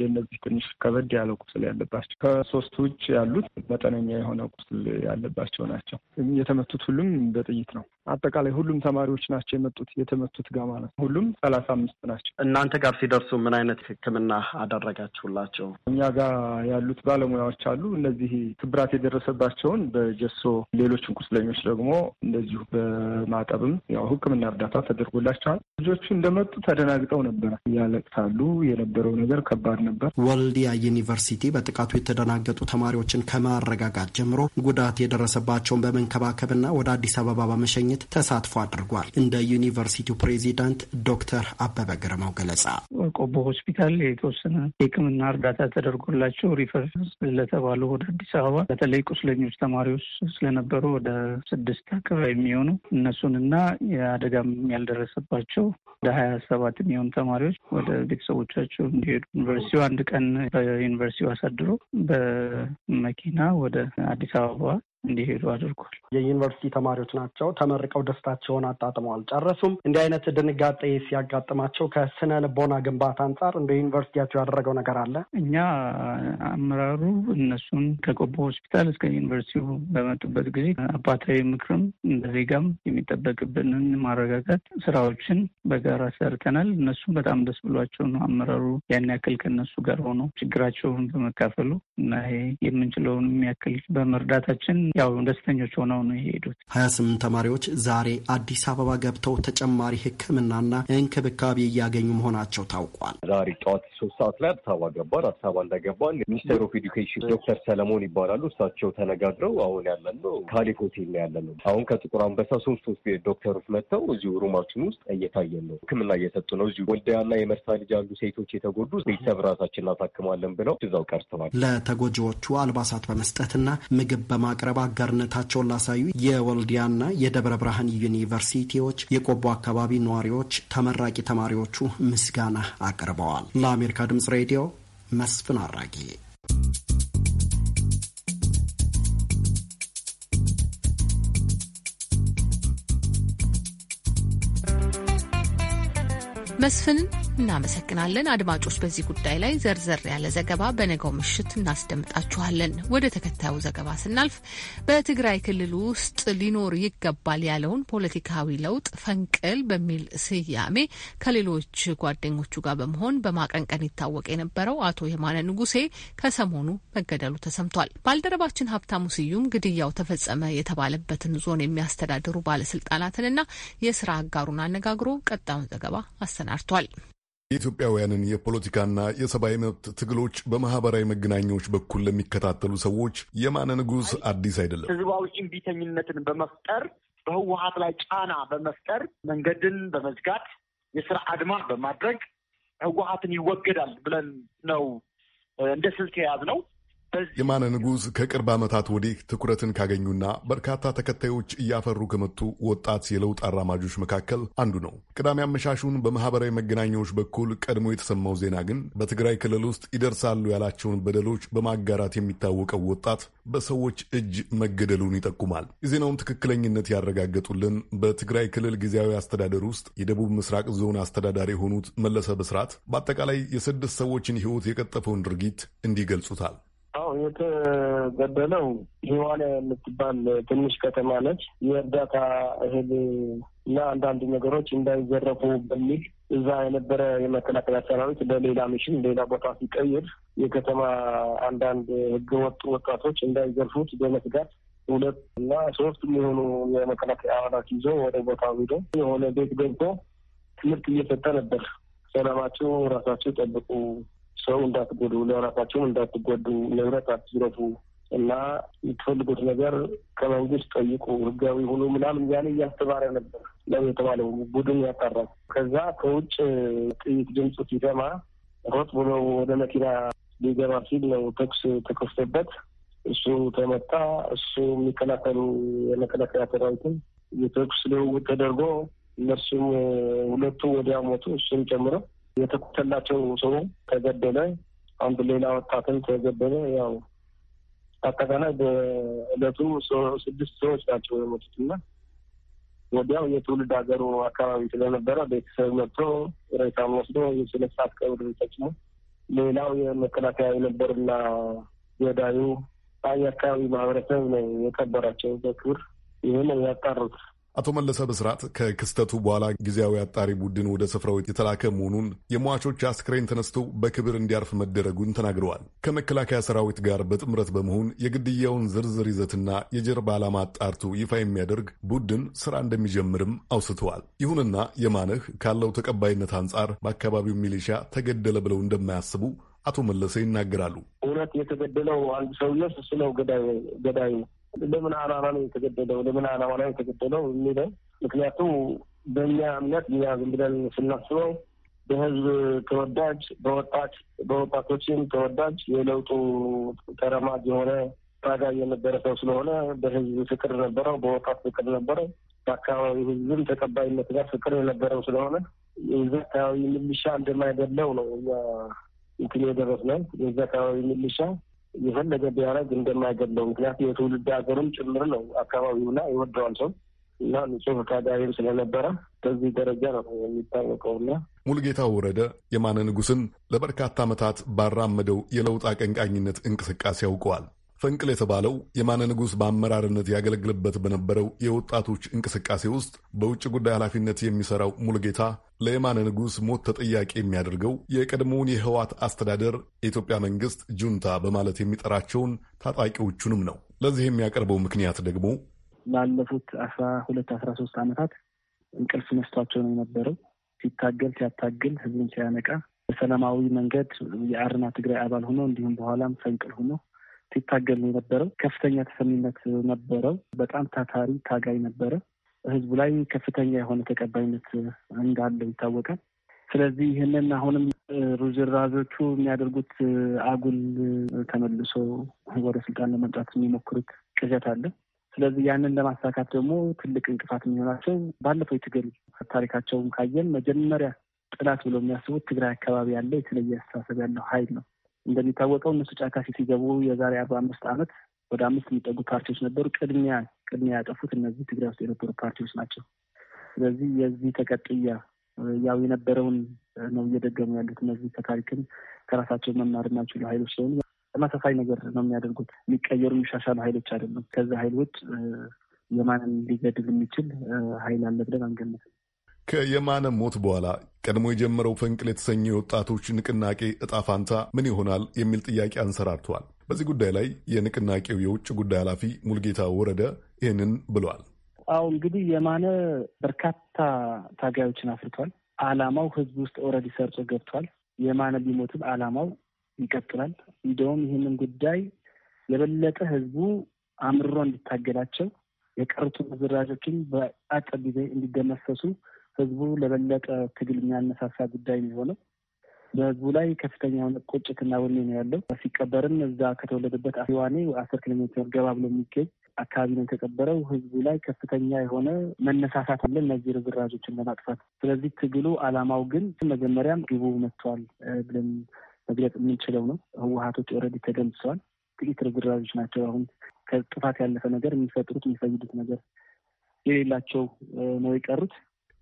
የእነዚህ ትንሽ ከበድ ያለው ቁስል ያለባቸው ከሶስቱ ውጭ ያሉት መጠነኛ የሆነ ቁስል ያለባቸው ናቸው። የተመቱት ሁሉም በጥይት ነው። አጠቃላይ ሁሉም ተማሪዎች ናቸው የመጡት የተመቱት ጋማ ነው። ሁሉም ሰላሳ አምስት ናቸው። እናንተ ጋር ሲደርሱ ምን አይነት ሕክምና አደረጋችሁላቸው? እኛ ጋር ያሉት ባለሙያዎች አሉ። እነዚህ ስብራት የደረሰባቸውን በጀሶ ሌሎችን ቁስለኞች ደግሞ እንደዚሁ በማጠብም ያው ሕክምና እርዳታ ተደርጎላቸዋል። ልጆቹ እንደመጡ ተደናግጠው ነበር፣ ያለቅሳሉ። የነበረው ነገር ከባድ ነበር። ወልዲያ ዩኒቨርሲቲ በጥቃቱ የተደናገጡ ተማሪዎችን ከማረጋጋት ጀምሮ ጉዳት የደረሰባቸውን በመንከባከብና ወደ አዲስ አበባ በመሸኘት ተሳትፎ አድርጓል። እንደ ዩኒቨርሲቲው ፕሬዚዳንት ዶክተር አበበ ግርማ የሰማው ገለጻ ቆቦ ሆስፒታል የተወሰነ የሕክምና እርዳታ ተደርጎላቸው ሪፈረንስ ለተባሉ ወደ አዲስ አበባ በተለይ ቁስለኞች ተማሪዎች ስለነበሩ ወደ ስድስት አካባቢ የሚሆኑ እነሱን እነሱንና የአደጋም ያልደረሰባቸው ወደ ሀያ ሰባት የሚሆኑ ተማሪዎች ወደ ቤተሰቦቻቸው እንዲሄዱ ዩኒቨርሲቲው አንድ ቀን በዩኒቨርሲቲው አሳድሮ በመኪና ወደ አዲስ አበባ እንዲሄዱ አድርጓል። የዩኒቨርሲቲ ተማሪዎች ናቸው። ተመርቀው ደስታቸውን አጣጥመዋል፣ ጨረሱም። እንዲህ አይነት ድንጋጤ ሲያጋጥማቸው ከስነ ልቦና ግንባታ አንጻር እንደ ዩኒቨርሲቲያቸው ያደረገው ነገር አለ። እኛ አመራሩ እነሱን ከቆቦ ሆስፒታል እስከ ዩኒቨርሲቲው በመጡበት ጊዜ አባታዊ ምክርም እንደ ዜጋም የሚጠበቅብንን ማረጋጋት ስራዎችን በጋራ ሰርተናል። እነሱም በጣም ደስ ብሏቸው ነው አመራሩ ያን ያክል ከነሱ ጋር ሆኖ ችግራቸውን በመካፈሉ እና ይሄ የምንችለውን ያክል በመርዳታችን ያው ደስተኞች ሆነው ነው የሄዱት። ሀያ ስምንት ተማሪዎች ዛሬ አዲስ አበባ ገብተው ተጨማሪ ሕክምናና እንክብካቤ እያገኙ መሆናቸው ታውቋል። ዛሬ ጠዋት ሶስት ሰዓት ላይ አዲስ አበባ ገባን። አዲስ አበባ እንደገባን ሚኒስቴር ኦፍ ኤዱኬሽን ዶክተር ሰለሞን ይባላሉ። እሳቸው ተነጋግረው አሁን ነው ካሌ ሆቴል ያለ ነው አሁን ከጥቁር አንበሳ ሶስት ሶስት ዶክተሮች መጥተው እዚሁ ሩማችን ውስጥ እየታየን ነው፣ ሕክምና እየሰጡ ነው። እዚሁ ወልዲያና የመርሳ ልጅ ያሉ ሴቶች የተጎዱ ቤተሰብ ራሳችን እናሳክማለን ብለው እዛው ቀርተዋል። ለተጎጂዎቹ አልባሳት በመስጠትና ምግብ በማቅረብ አጋርነታቸውን ላሳዩ የወልዲያና የደብረ ብርሃን ዩኒቨርሲቲዎች የቆቦ አካባቢ ነዋሪዎች፣ ተመራቂ ተማሪዎቹ ምስጋና አቅርበዋል። ለአሜሪካ ድምጽ ሬዲዮ መስፍን አራጌ። መስፍንን እናመሰግናለን። አድማጮች፣ በዚህ ጉዳይ ላይ ዘርዘር ያለ ዘገባ በነገው ምሽት እናስደምጣችኋለን። ወደ ተከታዩ ዘገባ ስናልፍ በትግራይ ክልል ውስጥ ሊኖር ይገባል ያለውን ፖለቲካዊ ለውጥ ፈንቅል በሚል ስያሜ ከሌሎች ጓደኞቹ ጋር በመሆን በማቀንቀን ይታወቅ የነበረው አቶ የማነ ንጉሴ ከሰሞኑ መገደሉ ተሰምቷል። ባልደረባችን ሀብታሙ ስዩም ግድያው ተፈጸመ የተባለበትን ዞን የሚያስተዳድሩ ባለስልጣናትንና የስራ አጋሩን አነጋግሮ ቀጣዩን ዘገባ አሰናድቷል። የኢትዮጵያውያንን የፖለቲካና የሰብአዊ መብት ትግሎች በማህበራዊ መገናኛዎች በኩል ለሚከታተሉ ሰዎች የማነ ንጉሥ አዲስ አይደለም። ህዝባዊ እምቢተኝነትን በመፍጠር በህወሀት ላይ ጫና በመፍጠር መንገድን በመዝጋት የስራ አድማ በማድረግ ህወሀትን ይወገዳል ብለን ነው እንደ ስልት የያዝ ነው። የማነ ንጉሥ ከቅርብ ዓመታት ወዲህ ትኩረትን ካገኙና በርካታ ተከታዮች እያፈሩ ከመጡ ወጣት የለውጥ አራማጆች መካከል አንዱ ነው። ቅዳሜ አመሻሹን በማህበራዊ መገናኛዎች በኩል ቀድሞ የተሰማው ዜና ግን በትግራይ ክልል ውስጥ ይደርሳሉ ያላቸውን በደሎች በማጋራት የሚታወቀው ወጣት በሰዎች እጅ መገደሉን ይጠቁማል። የዜናውን ትክክለኝነት ያረጋገጡልን በትግራይ ክልል ጊዜያዊ አስተዳደር ውስጥ የደቡብ ምስራቅ ዞን አስተዳዳሪ የሆኑት መለሰ ብስራት በአጠቃላይ የስድስት ሰዎችን ሕይወት የቀጠፈውን ድርጊት እንዲህ ገልጹታል። አዎ የተገደለው ህዋለ የምትባል ትንሽ ከተማ ነች። የእርዳታ እህል እና አንዳንድ ነገሮች እንዳይዘረፉ በሚል እዛ የነበረ የመከላከያ ሰራዊት ለሌላ ሚሽን ሌላ ቦታ ሲቀይር የከተማ አንዳንድ ህገወጥ ወጣቶች እንዳይዘርፉት በመስጋት ሁለት እና ሶስት የሚሆኑ የመከላከያ አባላት ይዞ ወደ ቦታው ሂዶ የሆነ ቤት ገብቶ ትምህርት እየሰጠ ነበር። ሰላማችሁ ራሳችሁ ጠብቁ ሰው እንዳትጎዱ፣ ለራሳቸውም እንዳትጎዱ፣ ንብረት አትዝረፉ እና የምትፈልጉት ነገር ከመንግስት ጠይቁ ህጋዊ ሆኖ ምናምን እያለ እያስተባረ ነበር ለም የተባለው። ቡድን ያጣራ። ከዛ ከውጭ ጥይት ድምፅ ሲሰማ ሮጥ ብሎ ወደ መኪና ሊገባ ሲል ነው ተኩስ ተከፍቶበት እሱ ተመታ። እሱ የሚከላከሉ የመከላከያ ሰራዊትን የተኩስ ልውውጥ ተደርጎ እነሱም ሁለቱ ወዲያ ሞቱ፣ እሱም ጨምሮ የተኮሰላቸው ሰው ተገደለ። አንድ ሌላ ወጣትን ተገደለ። ያው አጠቃላይ በእለቱ ስድስት ሰዎች ናቸው የሞቱት እና ወዲያው የትውልድ ሀገሩ አካባቢ ስለነበረ ቤተሰብ መጥቶ ሬሳም ወስዶ የስለት ቀብር ተጭሞ ሌላው የመከላከያ የነበርና ገዳዩ አካባቢ ማህበረሰብ ነው የቀበራቸው በክብር ይህን ያጣሩት። አቶ መለሰ በስርዓት ከክስተቱ በኋላ ጊዜያዊ አጣሪ ቡድን ወደ ስፍራው የተላከ መሆኑን የሟቾች አስክሬን ተነስቶ በክብር እንዲያርፍ መደረጉን ተናግረዋል። ከመከላከያ ሰራዊት ጋር በጥምረት በመሆን የግድያውን ዝርዝር ይዘትና የጀርባ ዓላማ አጣርቶ ይፋ የሚያደርግ ቡድን ስራ እንደሚጀምርም አውስተዋል። ይሁንና የማነህ ካለው ተቀባይነት አንጻር በአካባቢው ሚሊሻ ተገደለ ብለው እንደማያስቡ አቶ መለሰ ይናገራሉ። እውነት የተገደለው አንድ ሰውዬ እሱ ነው ገዳይ ለምን አላማ ነው የተገደለው፣ ለምን አላማ ነው የተገደለው የሚለው ምክንያቱም በእኛ እምነት እኛ ዝም ብለን ስናስበው በህዝብ ተወዳጅ በወጣት በወጣቶችም ተወዳጅ የለውጡ ተረማጅ የሆነ ታጋይ የነበረ ሰው ስለሆነ በህዝብ ፍቅር ነበረው፣ በወጣት ፍቅር ነበረው፣ በአካባቢ ህዝብም ተቀባይነት ጋር ፍቅር የነበረው ስለሆነ የዚ አካባቢ ሚሊሻ እንደማይደለው ነው እኛ እንትን የደረስነው የዚ አካባቢ ሚሊሻ የፈለገ ቢያረግ እንደማይገድለው ምክንያት የትውልድ ሀገሩም ጭምር ነው አካባቢውና ይወደዋል ሰው እና ንጹህ ፈቃዳዊም ስለነበረ በዚህ ደረጃ ነው የሚታወቀውና ሙልጌታ ወረደ የማነ ንጉስን ለበርካታ ዓመታት ባራመደው የለውጥ አቀንቃኝነት እንቅስቃሴ ያውቀዋል። ፈንቅል የተባለው የማነ ንጉሥ በአመራርነት ያገለግልበት በነበረው የወጣቶች እንቅስቃሴ ውስጥ በውጭ ጉዳይ ኃላፊነት የሚሰራው ሙልጌታ ለየማነ ንጉሥ ሞት ተጠያቂ የሚያደርገው የቀድሞውን የህዋት አስተዳደር የኢትዮጵያ መንግሥት ጁንታ በማለት የሚጠራቸውን ታጣቂዎቹንም ነው። ለዚህ የሚያቀርበው ምክንያት ደግሞ ላለፉት አስራ ሁለት አስራ ሶስት ዓመታት እንቅልፍ መስቷቸው ነው የነበረው። ሲታገል ሲያታግል ህዝቡን ሲያነቃ በሰላማዊ መንገድ የአርና ትግራይ አባል ሆኖ እንዲሁም በኋላም ፈንቅል ሆኖ ሲታገል ነው የነበረው። ከፍተኛ ተሰሚነት ነበረው። በጣም ታታሪ ታጋይ ነበረ። ህዝቡ ላይ ከፍተኛ የሆነ ተቀባይነት እንዳለው ይታወቃል። ስለዚህ ይህንን አሁንም ሩዝራዦቹ የሚያደርጉት አጉል ተመልሶ ወደ ስልጣን ለመምጣት የሚሞክሩት ቅዠት አለ። ስለዚህ ያንን ለማሳካት ደግሞ ትልቅ እንቅፋት የሚሆናቸው ባለፈው የትግል ታሪካቸውን ካየን መጀመሪያ ጥላት ብሎ የሚያስቡት ትግራይ አካባቢ ያለ የተለየ አስተሳሰብ ያለው ኃይል ነው። እንደሚታወቀው እነሱ ጫካ ሲገቡ የዛሬ አርባ አምስት ዓመት ወደ አምስት የሚጠጉ ፓርቲዎች ነበሩ። ቅድሚያ ቅድሚያ ያጠፉት እነዚህ ትግራይ ውስጥ የነበሩ ፓርቲዎች ናቸው። ስለዚህ የዚህ ተቀጥያ ያው የነበረውን ነው እየደገሙ ያሉት። እነዚህ ከታሪክም ከራሳቸው መማር የማይችሉ ኃይሎች ስለሆኑ ተመሳሳይ ነገር ነው የሚያደርጉት። የሚቀየሩ የሚሻሻሉ ኃይሎች አይደሉም። ከዚህ ኃይሎች የማንን ሊገድል የሚችል ኃይል አለ ብለን አንገምትም። ከየማነ ሞት በኋላ ቀድሞ የጀመረው ፈንቅል የተሰኘ የወጣቶች ንቅናቄ እጣ ፋንታ ምን ይሆናል የሚል ጥያቄ አንሰራርተዋል። በዚህ ጉዳይ ላይ የንቅናቄው የውጭ ጉዳይ ኃላፊ ሙልጌታ ወረደ ይህንን ብለዋል። አዎ እንግዲህ የማነ በርካታ ታጋዮችን አፍርቷል። አላማው ህዝብ ውስጥ ኦልሬዲ ሰርጾ ገብቷል። የማነ ቢሞትም አላማው ይቀጥላል። እንደውም ይህንን ጉዳይ የበለጠ ህዝቡ አምርሮ እንዲታገላቸው የቀሩትን ዝራጆችን በአጭር ጊዜ እንዲደመሰሱ ህዝቡ ለበለጠ ትግል የሚያነሳሳ ጉዳይ ነው የሆነው። በህዝቡ ላይ ከፍተኛ የሆነ ቁጭትና ወኔ ነው ያለው። ሲቀበርም እዛ ከተወለደበት አዋኔ አስር ኪሎ ሜትር ገባ ብሎ የሚገኝ አካባቢ ነው የተቀበረው። ህዝቡ ላይ ከፍተኛ የሆነ መነሳሳት አለ እነዚህ ርዝራዦችን ለማጥፋት። ስለዚህ ትግሉ አላማው ግን መጀመሪያም ግቡ መጥተዋል ብለን መግለጽ የምንችለው ነው። ህወሀቶች ኦልሬዲ ተደምሰዋል። ጥቂት ርዝራዦች ናቸው አሁን ከጥፋት ያለፈ ነገር የሚፈጥሩት የሚፈይዱት ነገር የሌላቸው ነው የቀሩት።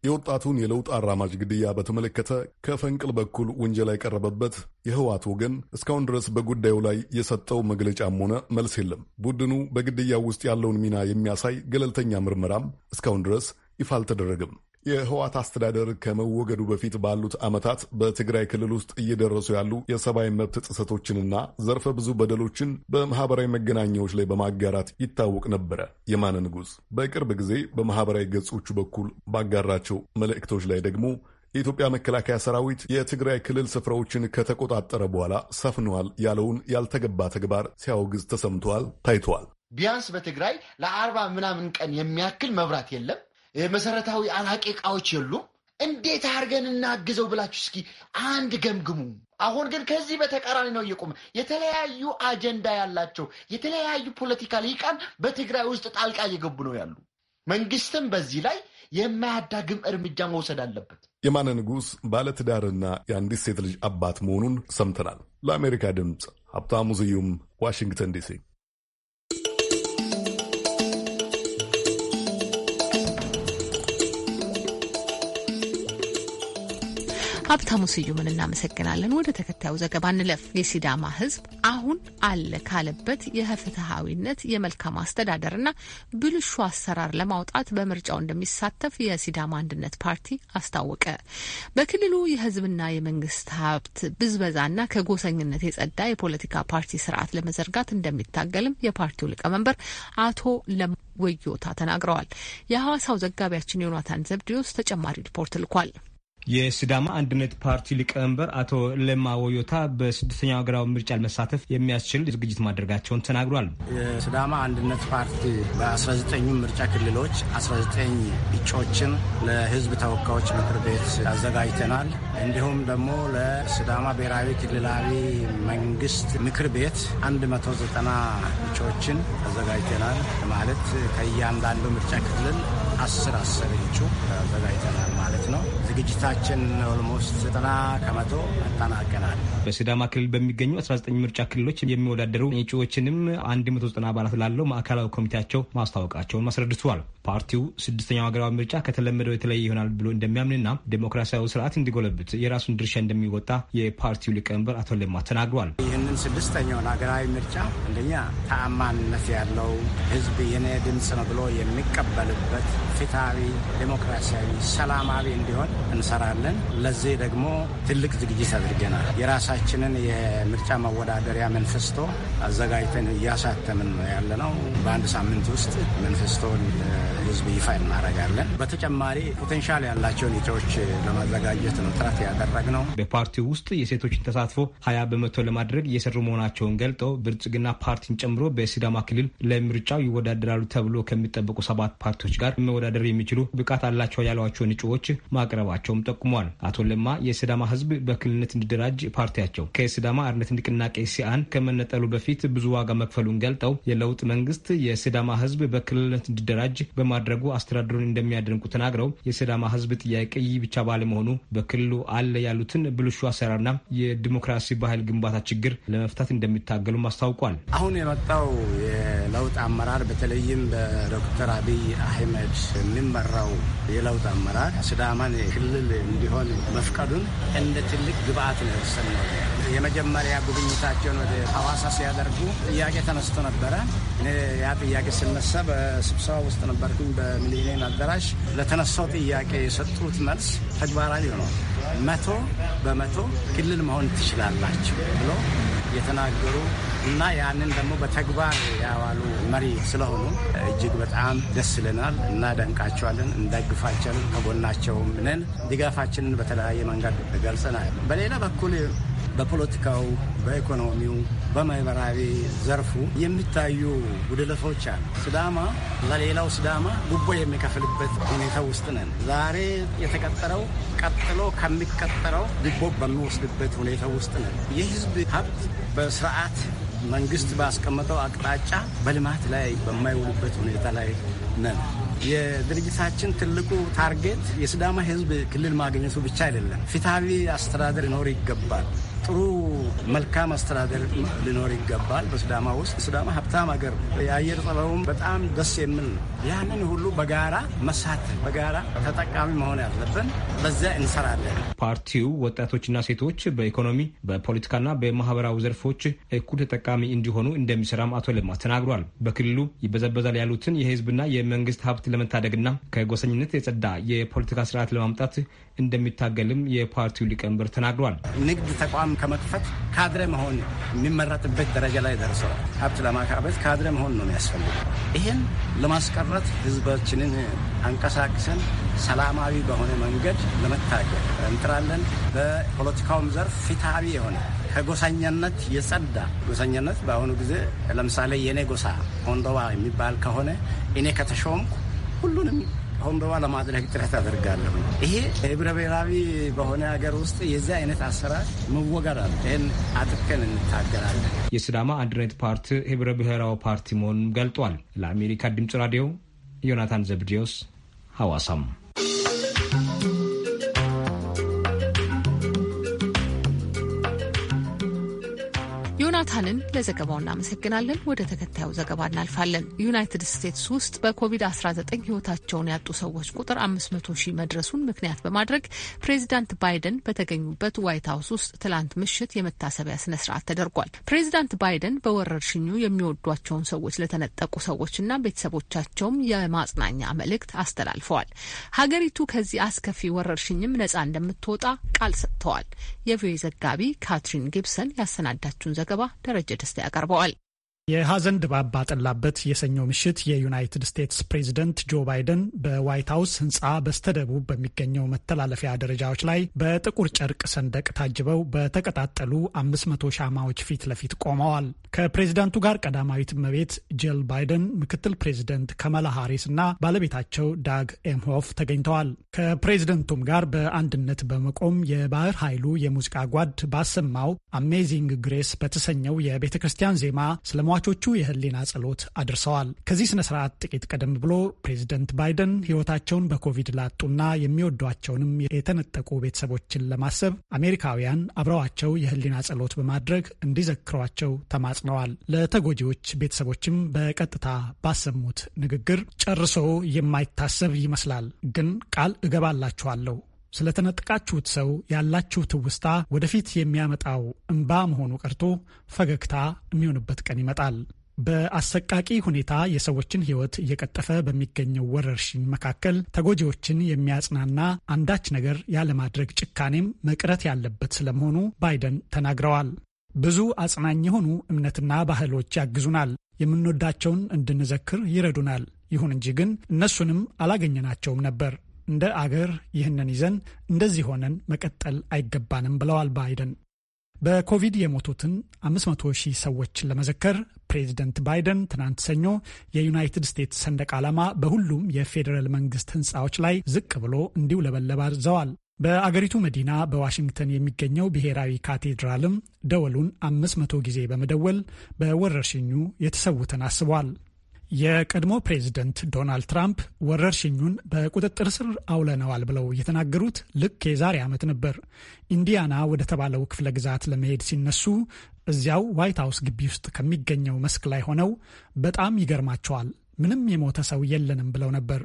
የወጣቱን የለውጥ አራማጅ ግድያ በተመለከተ ከፈንቅል በኩል ውንጀላ የቀረበበት የህዋት ወገን እስካሁን ድረስ በጉዳዩ ላይ የሰጠው መግለጫም ሆነ መልስ የለም። ቡድኑ በግድያው ውስጥ ያለውን ሚና የሚያሳይ ገለልተኛ ምርመራም እስካሁን ድረስ ይፋ አልተደረገም። የህዋት አስተዳደር ከመወገዱ በፊት ባሉት ዓመታት በትግራይ ክልል ውስጥ እየደረሱ ያሉ የሰብአዊ መብት ጥሰቶችንና ዘርፈ ብዙ በደሎችን በማህበራዊ መገናኛዎች ላይ በማጋራት ይታወቅ ነበረ። የማነ ንጉሥ በቅርብ ጊዜ በማህበራዊ ገጾቹ በኩል ባጋራቸው መልእክቶች ላይ ደግሞ የኢትዮጵያ መከላከያ ሰራዊት የትግራይ ክልል ስፍራዎችን ከተቆጣጠረ በኋላ ሰፍነዋል ያለውን ያልተገባ ተግባር ሲያወግዝ ተሰምተዋል ታይተዋል። ቢያንስ በትግራይ ለአርባ ምናምን ቀን የሚያክል መብራት የለም። መሰረታዊ አላቂ እቃዎች የሉም። እንዴት አድርገን እናግዘው ብላችሁ እስኪ አንድ ገምግሙ። አሁን ግን ከዚህ በተቃራኒ ነው እየቆመ የተለያዩ አጀንዳ ያላቸው የተለያዩ ፖለቲካ ሊቃን በትግራይ ውስጥ ጣልቃ እየገቡ ነው ያሉ። መንግስትም በዚህ ላይ የማያዳግም እርምጃ መውሰድ አለበት። የማነ ንጉሥ ባለትዳርና የአንዲት ሴት ልጅ አባት መሆኑን ሰምተናል። ለአሜሪካ ድምፅ ሀብታሙ ስዩም ዋሽንግተን ዲሲ ሀብታሙ ስዩምን እናመሰግናለን። ወደ ተከታዩ ዘገባ እንለፍ። የሲዳማ ህዝብ አሁን አለ ካለበት የፍትሐዊነት የመልካም አስተዳደርና ብልሹ አሰራር ለማውጣት በምርጫው እንደሚሳተፍ የሲዳማ አንድነት ፓርቲ አስታወቀ። በክልሉ የህዝብና የመንግስት ሀብት ብዝበዛና ከጎሰኝነት የጸዳ የፖለቲካ ፓርቲ ስርዓት ለመዘርጋት እንደሚታገልም የፓርቲው ሊቀመንበር አቶ ለም ተናግረዋል። የሐዋሳው ዘጋቢያችን ዮናታን ዘብዲዮስ ተጨማሪ ሪፖርት ልኳል። የሲዳማ አንድነት ፓርቲ ሊቀመንበር አቶ ለማ ወዮታ በስድስተኛው ሀገራዊ ምርጫ ለመሳተፍ የሚያስችል ዝግጅት ማድረጋቸውን ተናግሯል። የሲዳማ አንድነት ፓርቲ በ19ኙ ምርጫ ክልሎች 19 እጩዎችን ለሕዝብ ተወካዮች ምክር ቤት አዘጋጅተናል። እንዲሁም ደግሞ ለሲዳማ ብሔራዊ ክልላዊ መንግስት ምክር ቤት 190 እጩዎችን አዘጋጅተናል። ማለት ከእያንዳንዱ ምርጫ ክልል 10 10 እጩ አዘጋጅተናል። ዝግጅታችን ኦልሞስት ዘጠና ከመቶ አጠናቀናል። በሲዳማ ክልል በሚገኙ 19 ምርጫ ክልሎች የሚወዳደሩ እጩዎችንም 190 አባላት ላለው ማዕከላዊ ኮሚቴያቸው ማስታወቃቸውን አስረድተዋል። ፓርቲው ስድስተኛው ሀገራዊ ምርጫ ከተለመደው የተለየ ይሆናል ብሎ እንደሚያምንና ዴሞክራሲያዊ ስርዓት እንዲጎለብት የራሱን ድርሻ እንደሚወጣ የፓርቲው ሊቀመንበር አቶ ለማ ተናግሯል። ይህንን ስድስተኛውን ሀገራዊ ምርጫ አንደኛ ተአማንነት ያለው ህዝብ የኔ ድምፅ ነው ብሎ የሚቀበልበት ፍትሐዊ፣ ዴሞክራሲያዊ፣ ሰላማዊ እንዲሆን እንሰራለን። ለዚህ ደግሞ ትልቅ ዝግጅት አድርገናል። የራሳችንን የምርጫ መወዳደሪያ መንፈስቶ አዘጋጅተን እያሳተምን ያለ ነው። በአንድ ሳምንት ውስጥ መንፈስቶን ህዝብ ይፋ እናደርጋለን። በተጨማሪ ፖቴንሻል ያላቸውን እጩዎች ለማዘጋጀት ነው ጥረት ነው። በፓርቲው ውስጥ የሴቶችን ተሳትፎ ሀያ በመቶ ለማድረግ እየሰሩ መሆናቸውን ገልጠው ብልጽግና ፓርቲን ጨምሮ በሲዳማ ክልል ለምርጫው ይወዳደራሉ ተብሎ ከሚጠበቁ ሰባት ፓርቲዎች ጋር መወዳደር የሚችሉ ብቃት አላቸው ያሏቸውን እጩዎች ማቅረብ መረከባቸውም ጠቁሟል። አቶ ለማ የሲዳማ ህዝብ በክልልነት እንዲደራጅ ፓርቲያቸው ከስዳማ አርነት ንቅናቄ ሲአን ከመነጠሉ በፊት ብዙ ዋጋ መክፈሉን ገልጠው የለውጥ መንግስት የስዳማ ህዝብ በክልልነት እንዲደራጅ በማድረጉ አስተዳደሩን እንደሚያደንቁ ተናግረው የስዳማ ህዝብ ጥያቄ ይህ ብቻ ባለመሆኑ በክልሉ አለ ያሉትን ብልሹ አሰራርና የዲሞክራሲ ባህል ግንባታ ችግር ለመፍታት እንደሚታገሉም አስታውቋል። አሁን የመጣው የለውጥ አመራር በተለይም በዶክተር አብይ አህመድ የሚመራው የለውጥ አመራር ስዳማን ክልል እንዲሆን መፍቀዱን እንደ ትልቅ ግብአት ነው የወሰድነው። የመጀመሪያ ጉብኝታቸውን ወደ ሐዋሳ ሲያደርጉ ጥያቄ ተነስቶ ነበረ። ያ ጥያቄ ስነሳ በስብሰባ ውስጥ ነበርኩኝ በሚሊኒየም አዳራሽ። ለተነሳው ጥያቄ የሰጡት መልስ ተግባራዊ ሆኗል። መቶ በመቶ ክልል መሆን ትችላላችሁ ብሎ የተናገሩ እና ያንን ደግሞ በተግባር ያዋሉ መሪ ስለሆኑ እጅግ በጣም ደስ ይለናል። እናደንቃቸዋለን፣ እንደግፋቸዋለን፣ ከጎናቸውም ነን። ድጋፋችንን በተለያየ መንገድ ገልጸናል። በሌላ በኩል በፖለቲካው፣ በኢኮኖሚው፣ በማህበራዊ ዘርፉ የሚታዩ ጉድለቶች አሉ። ስዳማ ለሌላው ስዳማ ጉቦ የሚከፍልበት ሁኔታ ውስጥ ነን። ዛሬ የተቀጠረው ቀጥሎ ከሚቀጠረው ጉቦ በሚወስድበት ሁኔታ ውስጥ ነን። የህዝብ ሀብት በስርዓት መንግስት ባስቀመጠው አቅጣጫ በልማት ላይ በማይውሉበት ሁኔታ ላይ ነን። የድርጅታችን ትልቁ ታርጌት የስዳማ ህዝብ ክልል ማግኘቱ ብቻ አይደለም፣ ፍትሐዊ አስተዳደር ሊኖር ይገባል። ጥሩ መልካም አስተዳደር ሊኖር ይገባል። በሱዳማ ውስጥ ሱዳማ ሀብታም ሀገር የአየር ጸባዩም በጣም ደስ የሚል ነው። ያንን ሁሉ በጋራ መሳት በጋራ ተጠቃሚ መሆን ያለብን በዚያ እንሰራለን። ፓርቲው ወጣቶችና ሴቶች በኢኮኖሚ በፖለቲካና በማህበራዊ ዘርፎች እኩል ተጠቃሚ እንዲሆኑ እንደሚሰራም አቶ ለማ ተናግሯል። በክልሉ ይበዘበዛል ያሉትን የህዝብና የመንግስት ሀብት ለመታደግና ከጎሰኝነት የጸዳ የፖለቲካ ስርዓት ለማምጣት እንደሚታገልም የፓርቲው ሊቀመንበር ተናግሯል። ንግድ ተቋም ከመክፈት ካድሬ መሆን የሚመረጥበት ደረጃ ላይ ደርሰዋል። ሀብት ለማካበት ካድሬ መሆን ነው የሚያስፈልገው። ይህን ለማስቀረት ህዝባችንን አንቀሳቅሰን ሰላማዊ በሆነ መንገድ ለመታገል እንጥራለን። በፖለቲካውም ዘርፍ ፍትሐዊ የሆነ ከጎሳኛነት የጸዳ ጎሳኛነት በአሁኑ ጊዜ ለምሳሌ የኔ ጎሳ ሆንዶባ የሚባል ከሆነ እኔ ከተሾምኩ ሁሉንም አሁን በዋ ለማድረግ ጥረት አደርጋለሁ። ይሄ ህብረ ብሔራዊ በሆነ ሀገር ውስጥ የዚህ አይነት አሰራር መወገር አለ። ይህን አጥብቀን እንታገላለን። የስዳማ አንድነት ፓርቲ ህብረ ብሔራዊ ፓርቲ መሆኑን ገልጧል። ለአሜሪካ ድምጽ ራዲዮ ዮናታን ዘብዲዮስ ሐዋሳም ዮናታንን ለዘገባው እናመሰግናለን። ወደ ተከታዩ ዘገባ እናልፋለን። ዩናይትድ ስቴትስ ውስጥ በኮቪድ-19 ሕይወታቸውን ያጡ ሰዎች ቁጥር 500 ሺህ መድረሱን ምክንያት በማድረግ ፕሬዚዳንት ባይደን በተገኙበት ዋይት ሀውስ ውስጥ ትላንት ምሽት የመታሰቢያ ስነ ስርዓት ተደርጓል። ፕሬዚዳንት ባይደን በወረርሽኙ የሚወዷቸውን ሰዎች ለተነጠቁ ሰዎችና ቤተሰቦቻቸውም የማጽናኛ መልእክት አስተላልፈዋል። ሀገሪቱ ከዚህ አስከፊ ወረርሽኝም ነጻ እንደምትወጣ ቃል ሰጥተዋል። የቪኦኤ ዘጋቢ ካትሪን ጊብሰን ያሰናዳችውን ዘገባ ደረጀ ደስታ ያቀርበዋል። የሐዘን ድባብ ባጠላበት የሰኞ ምሽት የዩናይትድ ስቴትስ ፕሬዝደንት ጆ ባይደን በዋይት ሀውስ ህንፃ በስተደቡብ በሚገኘው መተላለፊያ ደረጃዎች ላይ በጥቁር ጨርቅ ሰንደቅ ታጅበው በተቀጣጠሉ 500 ሻማዎች ፊት ለፊት ቆመዋል። ከፕሬዚዳንቱ ጋር ቀዳማዊት እመቤት ጄል ባይደን፣ ምክትል ፕሬዝደንት ከመላ ሃሪስ እና ባለቤታቸው ዳግ ኤምሆፍ ተገኝተዋል። ከፕሬዚደንቱም ጋር በአንድነት በመቆም የባህር ኃይሉ የሙዚቃ ጓድ ባሰማው አሜዚንግ ግሬስ በተሰኘው የቤተ ክርስቲያን ዜማ ስለ ለሟቾቹ የህሊና ጸሎት አድርሰዋል። ከዚህ ስነ ስርዓት ጥቂት ቀደም ብሎ ፕሬዚደንት ባይደን ህይወታቸውን በኮቪድ ላጡና የሚወዷቸውንም የተነጠቁ ቤተሰቦችን ለማሰብ አሜሪካውያን አብረዋቸው የህሊና ጸሎት በማድረግ እንዲዘክሯቸው ተማጽነዋል። ለተጎጂዎች ቤተሰቦችም በቀጥታ ባሰሙት ንግግር ጨርሶ የማይታሰብ ይመስላል፣ ግን ቃል እገባላችኋለሁ ስለተነጥቃችሁት ሰው ያላችሁ ትውስታ ወደፊት የሚያመጣው እንባ መሆኑ ቀርቶ ፈገግታ የሚሆንበት ቀን ይመጣል። በአሰቃቂ ሁኔታ የሰዎችን ሕይወት እየቀጠፈ በሚገኘው ወረርሽኝ መካከል ተጎጂዎችን የሚያጽናና አንዳች ነገር ያለማድረግ ጭካኔም መቅረት ያለበት ስለመሆኑ ባይደን ተናግረዋል። ብዙ አጽናኝ የሆኑ እምነትና ባህሎች ያግዙናል፣ የምንወዳቸውን እንድንዘክር ይረዱናል። ይሁን እንጂ ግን እነሱንም አላገኘናቸውም ነበር። እንደ አገር ይህንን ይዘን እንደዚህ ሆነን መቀጠል አይገባንም ብለዋል ባይደን። በኮቪድ የሞቱትን 500 ሺህ ሰዎችን ለመዘከር ፕሬዚደንት ባይደን ትናንት ሰኞ የዩናይትድ ስቴትስ ሰንደቅ ዓላማ በሁሉም የፌዴራል መንግስት ህንፃዎች ላይ ዝቅ ብሎ እንዲውለበለብ አርዘዋል። በአገሪቱ መዲና በዋሽንግተን የሚገኘው ብሔራዊ ካቴድራልም ደወሉን 500 ጊዜ በመደወል በወረርሽኙ የተሰዉትን አስበዋል። የቀድሞ ፕሬዚደንት ዶናልድ ትራምፕ ወረርሽኙን በቁጥጥር ስር አውለነዋል ብለው የተናገሩት ልክ የዛሬ ዓመት ነበር። ኢንዲያና ወደ ተባለው ክፍለ ግዛት ለመሄድ ሲነሱ እዚያው ዋይት ሀውስ ግቢ ውስጥ ከሚገኘው መስክ ላይ ሆነው በጣም ይገርማቸዋል፣ ምንም የሞተ ሰው የለንም ብለው ነበር።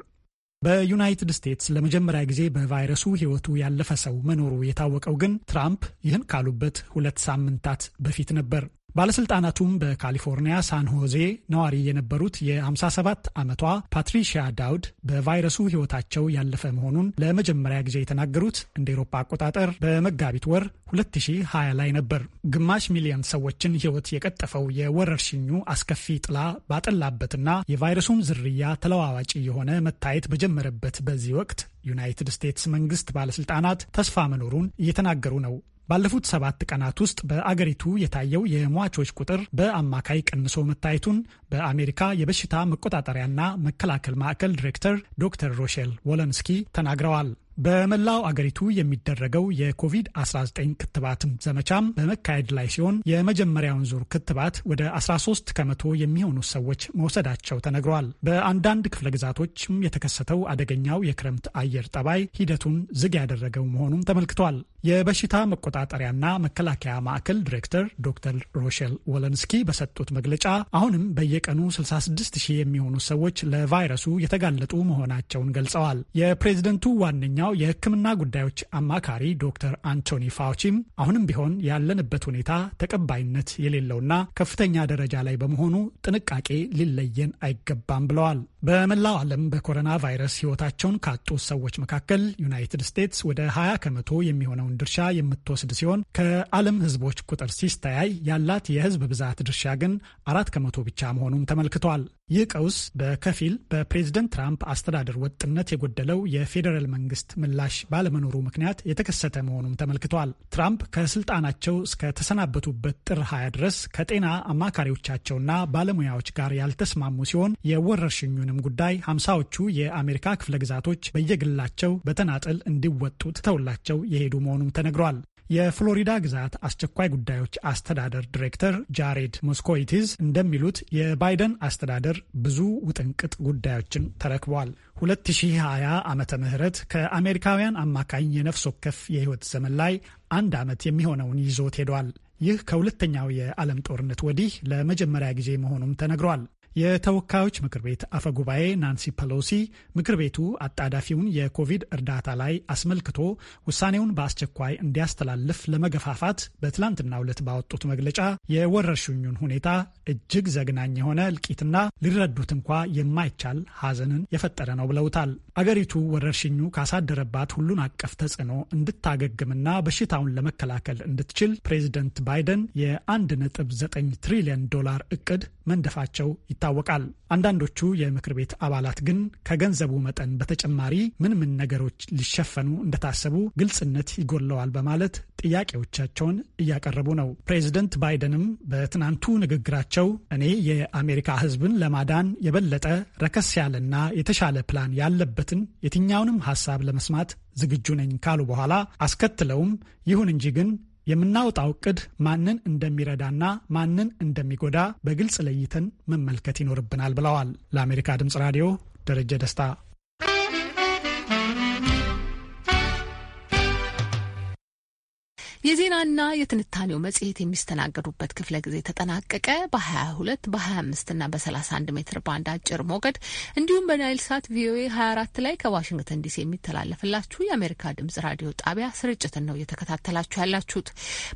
በዩናይትድ ስቴትስ ለመጀመሪያ ጊዜ በቫይረሱ ሕይወቱ ያለፈ ሰው መኖሩ የታወቀው ግን ትራምፕ ይህን ካሉበት ሁለት ሳምንታት በፊት ነበር። ባለስልጣናቱም በካሊፎርኒያ ሳን ሆዜ ነዋሪ የነበሩት የ57 ዓመቷ ፓትሪሺያ ዳውድ በቫይረሱ ሕይወታቸው ያለፈ መሆኑን ለመጀመሪያ ጊዜ የተናገሩት እንደ ኤሮፓ አቆጣጠር በመጋቢት ወር 2020 ላይ ነበር። ግማሽ ሚሊዮን ሰዎችን ሕይወት የቀጠፈው የወረርሽኙ አስከፊ ጥላ ባጠላበትና የቫይረሱም ዝርያ ተለዋዋጭ የሆነ መታየት በጀመረበት በዚህ ወቅት ዩናይትድ ስቴትስ መንግስት ባለስልጣናት ተስፋ መኖሩን እየተናገሩ ነው። ባለፉት ሰባት ቀናት ውስጥ በአገሪቱ የታየው የሟቾች ቁጥር በአማካይ ቀንሶ መታየቱን በአሜሪካ የበሽታ መቆጣጠሪያና መከላከል ማዕከል ዲሬክተር ዶክተር ሮሼል ወለንስኪ ተናግረዋል። በመላው አገሪቱ የሚደረገው የኮቪድ-19 ክትባትም ዘመቻም በመካሄድ ላይ ሲሆን የመጀመሪያውን ዙር ክትባት ወደ 13 ከመቶ የሚሆኑ ሰዎች መውሰዳቸው ተነግሯል። በአንዳንድ ክፍለ ግዛቶችም የተከሰተው አደገኛው የክረምት አየር ጠባይ ሂደቱን ዝግ ያደረገው መሆኑም ተመልክቷል። የበሽታ መቆጣጠሪያና መከላከያ ማዕከል ዲሬክተር ዶክተር ሮሼል ወለንስኪ በሰጡት መግለጫ አሁንም በየቀኑ 66 ሺህ የሚሆኑ ሰዎች ለቫይረሱ የተጋለጡ መሆናቸውን ገልጸዋል። የፕሬዝደንቱ ዋነኛው የሕክምና ጉዳዮች አማካሪ ዶክተር አንቶኒ ፋውቺም አሁንም ቢሆን ያለንበት ሁኔታ ተቀባይነት የሌለውና ከፍተኛ ደረጃ ላይ በመሆኑ ጥንቃቄ ሊለየን አይገባም ብለዋል። በመላው ዓለም በኮሮና ቫይረስ ህይወታቸውን ካጡ ሰዎች መካከል ዩናይትድ ስቴትስ ወደ 20 ከመቶ የሚሆነውን ድርሻ የምትወስድ ሲሆን ከዓለም ህዝቦች ቁጥር ሲስተያይ ያላት የህዝብ ብዛት ድርሻ ግን አራት ከመቶ ብቻ መሆኑም ተመልክቷል። ይህ ቀውስ በከፊል በፕሬዝደንት ትራምፕ አስተዳደር ወጥነት የጎደለው የፌዴራል መንግስት ምላሽ ባለመኖሩ ምክንያት የተከሰተ መሆኑም ተመልክቷል። ትራምፕ ከስልጣናቸው እስከተሰናበቱበት ጥር 20 ድረስ ከጤና አማካሪዎቻቸውና ባለሙያዎች ጋር ያልተስማሙ ሲሆን የወረርሽኙንም ጉዳይ ሀምሳዎቹ የአሜሪካ ክፍለ ግዛቶች በየግላቸው በተናጠል እንዲወጡ ትተውላቸው የሄዱ መሆኑም ተነግሯል። የፍሎሪዳ ግዛት አስቸኳይ ጉዳዮች አስተዳደር ዲሬክተር ጃሬድ ሞስኮይቲዝ እንደሚሉት የባይደን አስተዳደር ብዙ ውጥንቅጥ ጉዳዮችን ተረክቧል። 2020 ዓመተ ምህረት ከአሜሪካውያን አማካኝ የነፍስ ወከፍ የህይወት ዘመን ላይ አንድ ዓመት የሚሆነውን ይዞት ሄዷል። ይህ ከሁለተኛው የዓለም ጦርነት ወዲህ ለመጀመሪያ ጊዜ መሆኑም ተነግሯል። የተወካዮች ምክር ቤት አፈ ጉባኤ ናንሲ ፐሎሲ ምክር ቤቱ አጣዳፊውን የኮቪድ እርዳታ ላይ አስመልክቶ ውሳኔውን በአስቸኳይ እንዲያስተላልፍ ለመገፋፋት በትላንትናው ዕለት ባወጡት መግለጫ የወረርሽኙን ሁኔታ እጅግ ዘግናኝ የሆነ እልቂትና ሊረዱት እንኳ የማይቻል ሐዘንን የፈጠረ ነው ብለውታል። አገሪቱ ወረርሽኙ ካሳደረባት ሁሉን አቀፍ ተጽዕኖ እንድታገግምና በሽታውን ለመከላከል እንድትችል ፕሬዚደንት ባይደን የ1.9 ትሪሊዮን ዶላር እቅድ መንደፋቸው ይታወቃል። አንዳንዶቹ የምክር ቤት አባላት ግን ከገንዘቡ መጠን በተጨማሪ ምን ምን ነገሮች ሊሸፈኑ እንደታሰቡ ግልጽነት ይጎለዋል በማለት ጥያቄዎቻቸውን እያቀረቡ ነው። ፕሬዚደንት ባይደንም በትናንቱ ንግግራቸው እኔ የአሜሪካ ሕዝብን ለማዳን የበለጠ ረከስ ያለና የተሻለ ፕላን ያለበትን የትኛውንም ሀሳብ ለመስማት ዝግጁ ነኝ ካሉ በኋላ አስከትለውም ይሁን እንጂ ግን የምናወጣው እቅድ ማንን እንደሚረዳና ማንን እንደሚጎዳ በግልጽ ለይተን መመልከት ይኖርብናል ብለዋል። ለአሜሪካ ድምጽ ራዲዮ ደረጀ ደስታ የዜናና የትንታኔው መጽሔት የሚስተናገዱበት ክፍለ ጊዜ ተጠናቀቀ። በ22 በ25 እና በ31 ሜትር ባንድ አጭር ሞገድ እንዲሁም በናይል ሳት ቪኦኤ 24 ላይ ከዋሽንግተን ዲሲ የሚተላለፍላችሁ የአሜሪካ ድምጽ ራዲዮ ጣቢያ ስርጭትን ነው እየተከታተላችሁ ያላችሁት።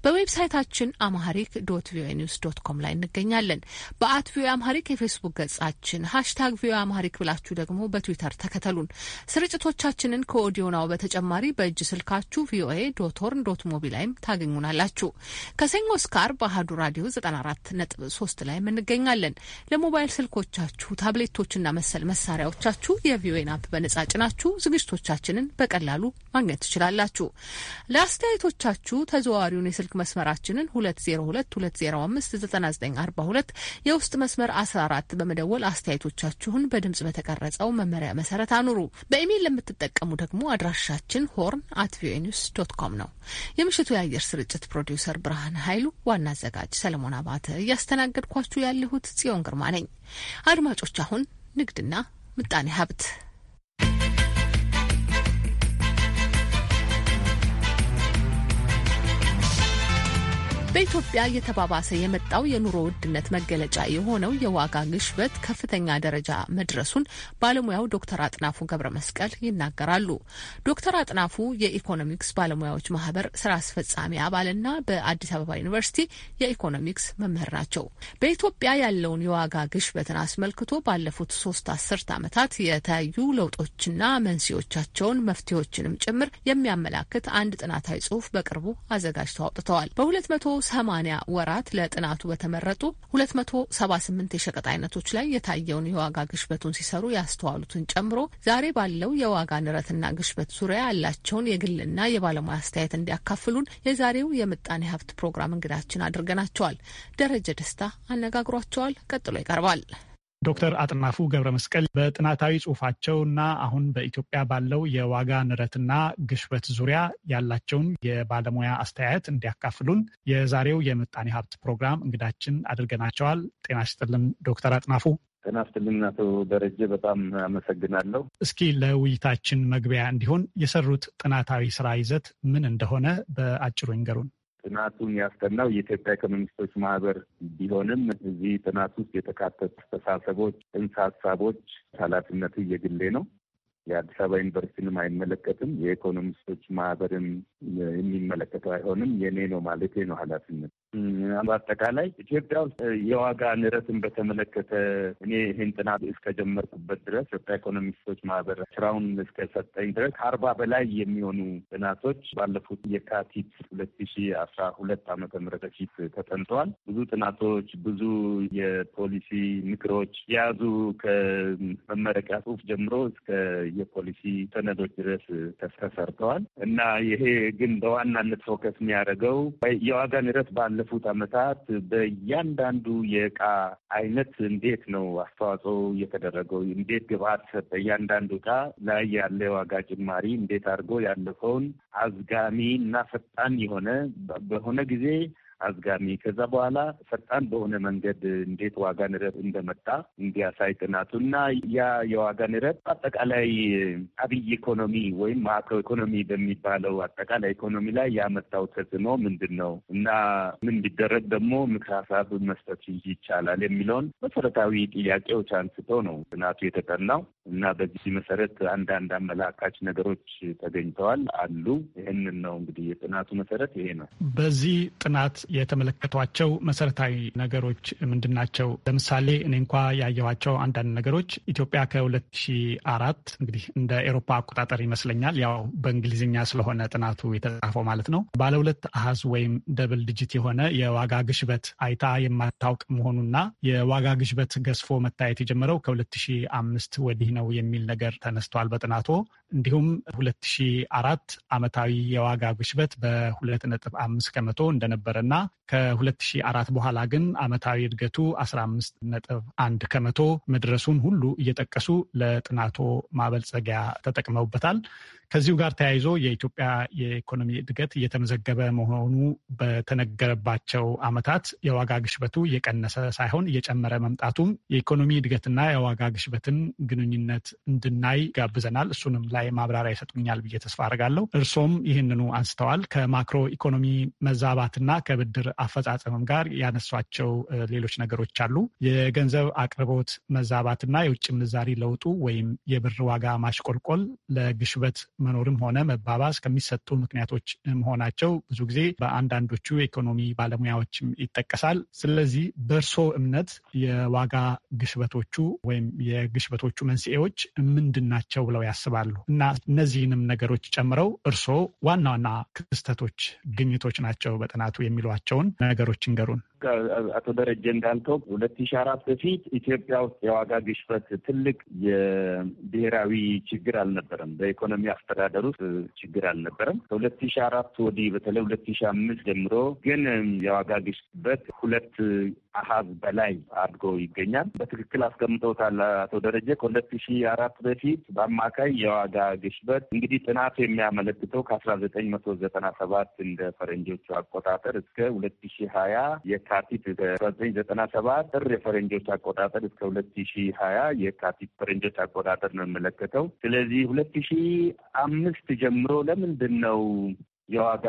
በዌብሳይታችን አማሪክ ዶት ቪኦኤ ኒውስ ዶት ኮም ላይ እንገኛለን። በአት ቪኦኤ አማሪክ የፌስቡክ ገጻችን ሃሽታግ ቪኦኤ አማሪክ ብላችሁ ደግሞ በትዊተር ተከተሉን። ስርጭቶቻችንን ከኦዲዮናው በተጨማሪ በእጅ ስልካችሁ ቪኦኤ ዶት ሆርን ዶት ሞቢ ላይም ታገኙናላችሁ። ከሰኞ እስከ አርብ አህዱ ራዲዮ 94.3 ላይ እንገኛለን። ለሞባይል ስልኮቻችሁ ታብሌቶችና መሰል መሳሪያዎቻችሁ የቪኦኤን አፕ በነጻ ጭናችሁ ዝግጅቶቻችንን በቀላሉ ማግኘት ትችላላችሁ። ለአስተያየቶቻችሁ ተዘዋዋሪውን የስልክ መስመራችንን 2022059942 የውስጥ መስመር 14 በመደወል አስተያየቶቻችሁን በድምጽ በተቀረጸው መመሪያ መሰረት አኑሩ። በኢሜይል ለምትጠቀሙ ደግሞ አድራሻችን ሆርን አት ቪኦኤ ኒውስ ዶት ኮም ነው። የምሽቱ የአየር ስርጭት ፕሮዲውሰር ብርሃን ኃይሉ፣ ዋና አዘጋጅ ሰለሞን አባተ፣ እያስተናገድኳችሁ ያለሁት ጽዮን ግርማ ነኝ። አድማጮች አሁን ንግድና ምጣኔ ሀብት በኢትዮጵያ እየተባባሰ የመጣው የኑሮ ውድነት መገለጫ የሆነው የዋጋ ግሽበት ከፍተኛ ደረጃ መድረሱን ባለሙያው ዶክተር አጥናፉ ገብረ መስቀል ይናገራሉ። ዶክተር አጥናፉ የኢኮኖሚክስ ባለሙያዎች ማህበር ስራ አስፈጻሚ አባልና በአዲስ አበባ ዩኒቨርሲቲ የኢኮኖሚክስ መምህር ናቸው። በኢትዮጵያ ያለውን የዋጋ ግሽበትን አስመልክቶ ባለፉት ሶስት አስርት ዓመታት የተለያዩ ለውጦችና መንስኤዎቻቸውን መፍትሄዎችንም ጭምር የሚያመላክት አንድ ጥናታዊ ጽሁፍ በቅርቡ አዘጋጅተው አውጥተዋል። በሁለት መቶ ሰማኒያ ወራት ለጥናቱ በተመረጡ 278 የሸቀጥ አይነቶች ላይ የታየውን የዋጋ ግሽበቱን ሲሰሩ ያስተዋሉትን ጨምሮ ዛሬ ባለው የዋጋ ንረትና ግሽበት ዙሪያ ያላቸውን የግልና የባለሙያ አስተያየት እንዲያካፍሉን የዛሬው የምጣኔ ሀብት ፕሮግራም እንግዳችን አድርገናቸዋል። ደረጀ ደስታ አነጋግሯቸዋል። ቀጥሎ ይቀርባል። ዶክተር አጥናፉ ገብረ መስቀል በጥናታዊ ጽሁፋቸውና አሁን በኢትዮጵያ ባለው የዋጋ ንረትና ግሽበት ዙሪያ ያላቸውን የባለሙያ አስተያየት እንዲያካፍሉን የዛሬው የምጣኔ ሀብት ፕሮግራም እንግዳችን አድርገናቸዋል። ጤና ይስጥልን ዶክተር አጥናፉ። ጤና ይስጥልን አቶ ደረጀ፣ በጣም አመሰግናለሁ። እስኪ ለውይይታችን መግቢያ እንዲሆን የሰሩት ጥናታዊ ስራ ይዘት ምን እንደሆነ በአጭሩ ይንገሩን። ጥናቱን ያስጠናው የኢትዮጵያ ኢኮኖሚስቶች ማህበር ቢሆንም እዚህ ጥናት ውስጥ የተካተቱ አስተሳሰቦች፣ ጽንሰ ሀሳቦች ኃላፊነቱ የግሌ ነው። የአዲስ አበባ ዩኒቨርሲቲንም አይመለከትም። የኢኮኖሚስቶች ማህበርን የሚመለከተው አይሆንም። የኔ ነው ማለቴ ነው ኃላፊነት በአጠቃላይ ኢትዮጵያ ውስጥ የዋጋ ንረትን በተመለከተ እኔ ይህን ጥናት እስከጀመርኩበት ድረስ ኢትዮጵያ ኢኮኖሚስቶች ማህበር ስራውን እስከሰጠኝ ድረስ ከአርባ በላይ የሚሆኑ ጥናቶች ባለፉት የካቲት ሁለት ሺ አስራ ሁለት ዓመተ ምህረት በፊት ተጠንተዋል። ብዙ ጥናቶች፣ ብዙ የፖሊሲ ምክሮች የያዙ ከመመረቂያ ጽሁፍ ጀምሮ እስከ የፖሊሲ ሰነዶች ድረስ ተሰርተዋል እና ይሄ ግን በዋናነት ፎከስ የሚያደርገው የዋጋ ንረት ባለ ባለፉት ዓመታት በእያንዳንዱ የእቃ አይነት እንዴት ነው አስተዋጽኦ የተደረገው? እንዴት ግብአት በእያንዳንዱ እያንዳንዱ እቃ ላይ ያለ ዋጋ ጭማሪ እንዴት አድርጎ ያለፈውን አዝጋሚ እና ፈጣን የሆነ በሆነ ጊዜ አዝጋሚ ከዛ በኋላ ፈጣን በሆነ መንገድ እንዴት ዋጋ ንረት እንደመጣ እንዲያሳይ ጥናቱ እና ያ የዋጋ ንረት አጠቃላይ አብይ ኢኮኖሚ ወይም ማክሮ ኢኮኖሚ በሚባለው አጠቃላይ ኢኮኖሚ ላይ ያመጣው ተጽዕኖ ምንድን ነው እና ምን ቢደረግ ደግሞ ምክር ሀሳብ መስጠት ይቻላል የሚለውን መሰረታዊ ጥያቄዎች አንስቶ ነው ጥናቱ የተጠናው። እና በዚህ መሰረት አንዳንድ አመላካች ነገሮች ተገኝተዋል አሉ። ይህንን ነው እንግዲህ የጥናቱ መሰረት ይሄ ነው። በዚህ ጥናት የተመለከቷቸው መሰረታዊ ነገሮች ምንድን ናቸው? ለምሳሌ እኔ እንኳ ያየኋቸው አንዳንድ ነገሮች ኢትዮጵያ ከ ሺህ አራት እንግዲህ እንደ ኤሮፓ አቆጣጠር ይመስለኛል ያው በእንግሊዝኛ ስለሆነ ጥናቱ የተጻፈው ማለት ነው ባለ ሁለት አሃዝ ወይም ደብል ድጅት የሆነ የዋጋ ግሽበት አይታ የማታውቅ መሆኑና የዋጋ ግሽበት ገዝፎ መታየት የጀመረው ከሁለት ሺህ አምስት ወዲህ ነው ነው የሚል ነገር ተነስቷል በጥናቶ እንዲሁም 2004 ዓመታዊ የዋጋ ግሽበት በ2.5 ከመቶ እንደነበረ ና ከ2004 በኋላ ግን ዓመታዊ እድገቱ 15.1 ከመቶ መድረሱን ሁሉ እየጠቀሱ ለጥናቶ ማበልጸጊያ ተጠቅመውበታል። ከዚሁ ጋር ተያይዞ የኢትዮጵያ የኢኮኖሚ እድገት እየተመዘገበ መሆኑ በተነገረባቸው ዓመታት የዋጋ ግሽበቱ እየቀነሰ ሳይሆን እየጨመረ መምጣቱም የኢኮኖሚ እድገትና የዋጋ ግሽበትን ግንኙነት እንድናይ ጋብዘናል። እሱንም ላይ ላይ ማብራሪያ ይሰጡኛል ብዬ ተስፋ አድርጋለሁ። እርሶም ይህንኑ አንስተዋል። ከማክሮ ኢኮኖሚ መዛባትና ከብድር አፈጻጸምም ጋር ያነሷቸው ሌሎች ነገሮች አሉ። የገንዘብ አቅርቦት መዛባትና የውጭ ምንዛሪ ለውጡ ወይም የብር ዋጋ ማሽቆልቆል ለግሽበት መኖርም ሆነ መባባስ ከሚሰጡ ምክንያቶች መሆናቸው ብዙ ጊዜ በአንዳንዶቹ የኢኮኖሚ ባለሙያዎችም ይጠቀሳል። ስለዚህ በእርሶ እምነት የዋጋ ግሽበቶቹ ወይም የግሽበቶቹ መንስኤዎች ምንድን ናቸው ብለው ያስባሉ? እና እነዚህንም ነገሮች ጨምረው እርስዎ ዋና ዋና ክስተቶች፣ ግኝቶች ናቸው በጥናቱ የሚሏቸውን ነገሮች እንገሩን። አቶ ደረጀ እንዳልከው ሁለት ሺ አራት በፊት ኢትዮጵያ ውስጥ የዋጋ ግሽበት ትልቅ የብሔራዊ ችግር አልነበረም። በኢኮኖሚ አስተዳደር ውስጥ ችግር አልነበረም። ከሁለት ሺ አራት ወዲህ በተለይ ሁለት ሺ አምስት ጀምሮ ግን የዋጋ ግሽበት ሁለት አሀዝ በላይ አድጎ ይገኛል። በትክክል አስቀምጠውታል አቶ ደረጀ። ከሁለት ሺ አራት በፊት በአማካይ የዋጋ ግሽበት እንግዲህ ጥናቱ የሚያመለክተው ከአስራ ዘጠኝ መቶ ዘጠና ሰባት እንደ ፈረንጆቹ አቆጣጠር እስከ ሁለት ሺ ሀያ የካቲት በዘጠኝ ዘጠና ሰባት ጥር የፈረንጆች አቆጣጠር እስከ ሁለት ሺ ሀያ የካቲት ፈረንጆች አቆጣጠር ነው የምመለከተው። ስለዚህ ሁለት ሺ አምስት ጀምሮ ለምንድን ነው የዋጋ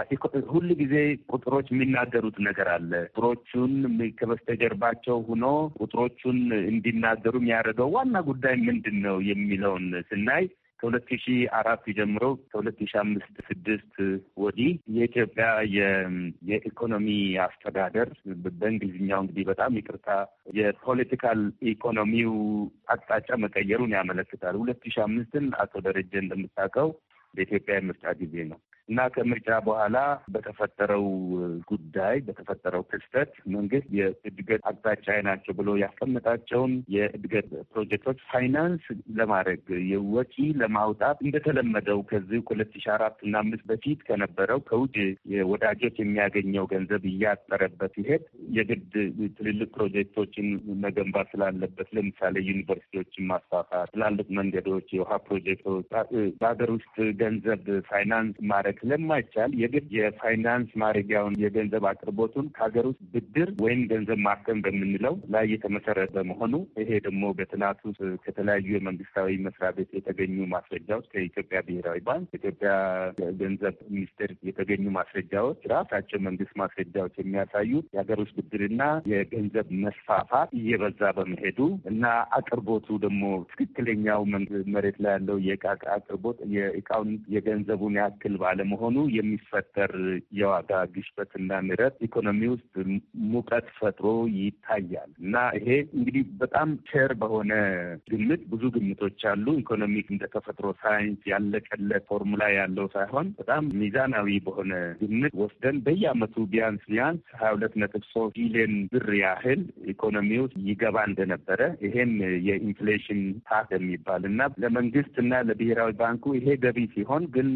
ሁል ጊዜ ቁጥሮች የሚናገሩት ነገር አለ። ቁጥሮቹን ከበስተጀርባቸው ሆኖ ቁጥሮቹን እንዲናገሩ የሚያደርገው ዋና ጉዳይ ምንድን ነው የሚለውን ስናይ ከሁለት ሺ አራት ጀምሮ ከሁለት ሺ አምስት ስድስት ወዲህ የኢትዮጵያ የኢኮኖሚ አስተዳደር በእንግሊዝኛው እንግዲህ በጣም ይቅርታ የፖለቲካል ኢኮኖሚው አቅጣጫ መቀየሩን ያመለክታል። ሁለት ሺ አምስትን አቶ ደረጀ እንደምታውቀው በኢትዮጵያ የምርጫ ጊዜ ነው። እና ከምርጫ በኋላ በተፈጠረው ጉዳይ በተፈጠረው ክስተት መንግስት የእድገት አቅጣጫ ናቸው ብሎ ያስቀመጣቸውን የእድገት ፕሮጀክቶች ፋይናንስ ለማድረግ የወጪ ለማውጣት እንደተለመደው ከዚህ ሁለት ሺ አራት እና አምስት በፊት ከነበረው ከውጭ ወዳጆች የሚያገኘው ገንዘብ እያጠረበት ሲሄድ የግድ ትልልቅ ፕሮጀክቶችን መገንባት ስላለበት ለምሳሌ ዩኒቨርሲቲዎችን ማስፋፋት፣ ትላልቅ መንገዶች፣ የውሃ ፕሮጀክቶች በሀገር ውስጥ ገንዘብ ፋይናንስ ማድረግ ስለማይቻል የግድ የፋይናንስ ማድረጊያውን የገንዘብ አቅርቦቱን ከሀገር ውስጥ ብድር ወይም ገንዘብ ማከም በምንለው ላይ የተመሰረተ በመሆኑ ይሄ ደግሞ በትናቱ ከተለያዩ የመንግስታዊ መስሪያ ቤት የተገኙ ማስረጃዎች ከኢትዮጵያ ብሔራዊ ባንክ፣ ከኢትዮጵያ ገንዘብ ሚኒስቴር የተገኙ ማስረጃዎች ራሳቸው መንግስት ማስረጃዎች የሚያሳዩ የሀገር ውስጥ ብድርና የገንዘብ መስፋፋት እየበዛ በመሄዱ እና አቅርቦቱ ደግሞ ትክክለኛው መሬት ላይ ያለው የእቃ አቅርቦት የእቃውን የገንዘቡን ያክል ባለ በመሆኑ የሚፈጠር የዋጋ ግሽበትና ንረት ኢኮኖሚ ውስጥ ሙቀት ፈጥሮ ይታያል እና ይሄ እንግዲህ በጣም ቸር በሆነ ግምት ብዙ ግምቶች አሉ። ኢኮኖሚክ እንደ ተፈጥሮ ሳይንስ ያለቀለት ፎርሙላ ያለው ሳይሆን በጣም ሚዛናዊ በሆነ ግምት ወስደን በየአመቱ ቢያንስ ቢያንስ ሀያ ሁለት ነጥብ ሶስት ቢሊዮን ብር ያህል ኢኮኖሚ ውስጥ ይገባ እንደነበረ ይሄም የኢንፍሌሽን ታክ የሚባል እና ለመንግስት እና ለብሔራዊ ባንኩ ይሄ ገቢ ሲሆን ግን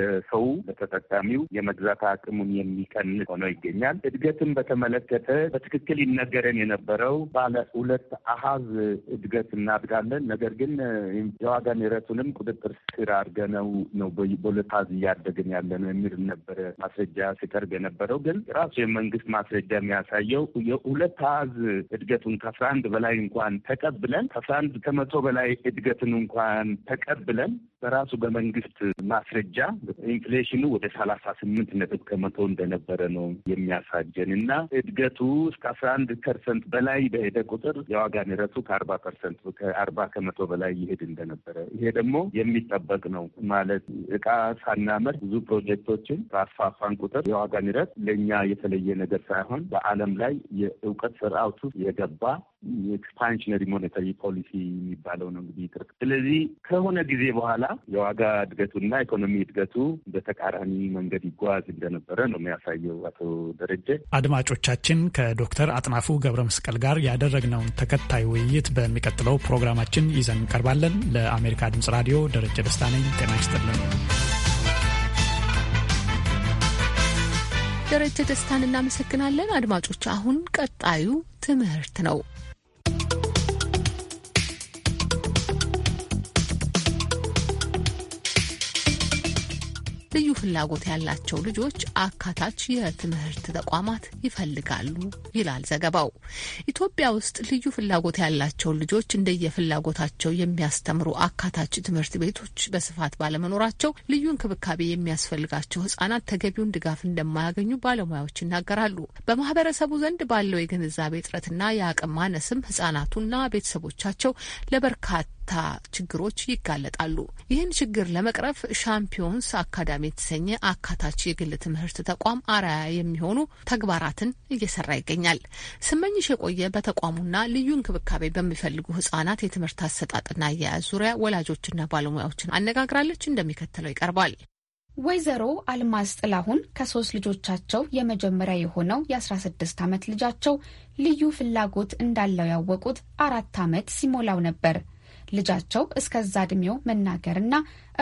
ለሰው ለተጠቃሚው የመግዛት አቅሙን የሚቀንስ ሆኖ ይገኛል። እድገትን በተመለከተ በትክክል ይነገረን የነበረው ባለ ሁለት አሀዝ እድገት እናድጋለን፣ ነገር ግን የዋጋ ንረቱንም ቁጥጥር ስር አድርገነው ነው በሁለት አሀዝ እያደግን ያለ ነው የሚል ነበረ ማስረጃ ሲቀርብ የነበረው። ግን ራሱ የመንግስት ማስረጃ የሚያሳየው የሁለት አሀዝ እድገቱን ከአስራ አንድ በላይ እንኳን ተቀብለን ከአስራ አንድ ከመቶ በላይ እድገትን እንኳን ተቀብለን በራሱ በመንግስት ማስረጃ ኢንፍሌሽኑ ወደ ሰላሳ ስምንት ነጥብ ከመቶ እንደነበረ ነው የሚያሳጀን እና እድገቱ እስከ አስራ አንድ ፐርሰንት በላይ በሄደ ቁጥር የዋጋ ንረቱ ከአርባ ፐርሰንት ከአርባ ከመቶ በላይ ይሄድ እንደነበረ ይሄ ደግሞ የሚጠበቅ ነው ማለት እቃ ሳናመር ብዙ ፕሮጀክቶችን በአስፋፋን ቁጥር የዋጋ ንረት ለእኛ የተለየ ነገር ሳይሆን በዓለም ላይ የእውቀት ስርዓቱ የገባ ኤክስፓንሽነሪ ሞኔታሪ ፖሊሲ የሚባለው ነው እንግዲህ ትርክ። ስለዚህ ከሆነ ጊዜ በኋላ የዋጋ እድገቱና ኢኮኖሚ እድገቱ በተቃራኒ መንገድ ይጓዝ እንደነበረ ነው የሚያሳየው። አቶ ደረጀ፣ አድማጮቻችን ከዶክተር አጥናፉ ገብረ መስቀል ጋር ያደረግነውን ተከታይ ውይይት በሚቀጥለው ፕሮግራማችን ይዘን እንቀርባለን። ለአሜሪካ ድምጽ ራዲዮ ደረጀ ደስታ ነኝ። ጤና ይስጥልን። ደረጀ ደስታን እናመሰግናለን። አድማጮች አሁን ቀጣዩ ትምህርት ነው። ልዩ ፍላጎት ያላቸው ልጆች አካታች የትምህርት ተቋማት ይፈልጋሉ ይላል ዘገባው። ኢትዮጵያ ውስጥ ልዩ ፍላጎት ያላቸው ልጆች እንደየፍላጎታቸው የሚያስተምሩ አካታች ትምህርት ቤቶች በስፋት ባለመኖራቸው ልዩ እንክብካቤ የሚያስፈልጋቸው ህጻናት ተገቢውን ድጋፍ እንደማያገኙ ባለሙያዎች ይናገራሉ። በማህበረሰቡ ዘንድ ባለው የግንዛቤ እጥረትና የአቅም ማነስም ህጻናቱና ቤተሰቦቻቸው ለበርካታ ታ ችግሮች ይጋለጣሉ። ይህን ችግር ለመቅረፍ ሻምፒዮንስ አካዳሚ የተሰኘ አካታች የግል ትምህርት ተቋም አርአያ የሚሆኑ ተግባራትን እየሰራ ይገኛል። ስመኝሽ የቆየ በተቋሙና ልዩ እንክብካቤ በሚፈልጉ ህጻናት የትምህርት አሰጣጥና አያያዝ ዙሪያ ወላጆችና ባለሙያዎችን አነጋግራለች። እንደሚከተለው ይቀርባል። ወይዘሮ አልማዝ ጥላሁን ከሶስት ልጆቻቸው የመጀመሪያ የሆነው የ16 ዓመት ልጃቸው ልዩ ፍላጎት እንዳለው ያወቁት አራት ዓመት ሲሞላው ነበር። ልጃቸው እስከዛ ዕድሜው መናገርና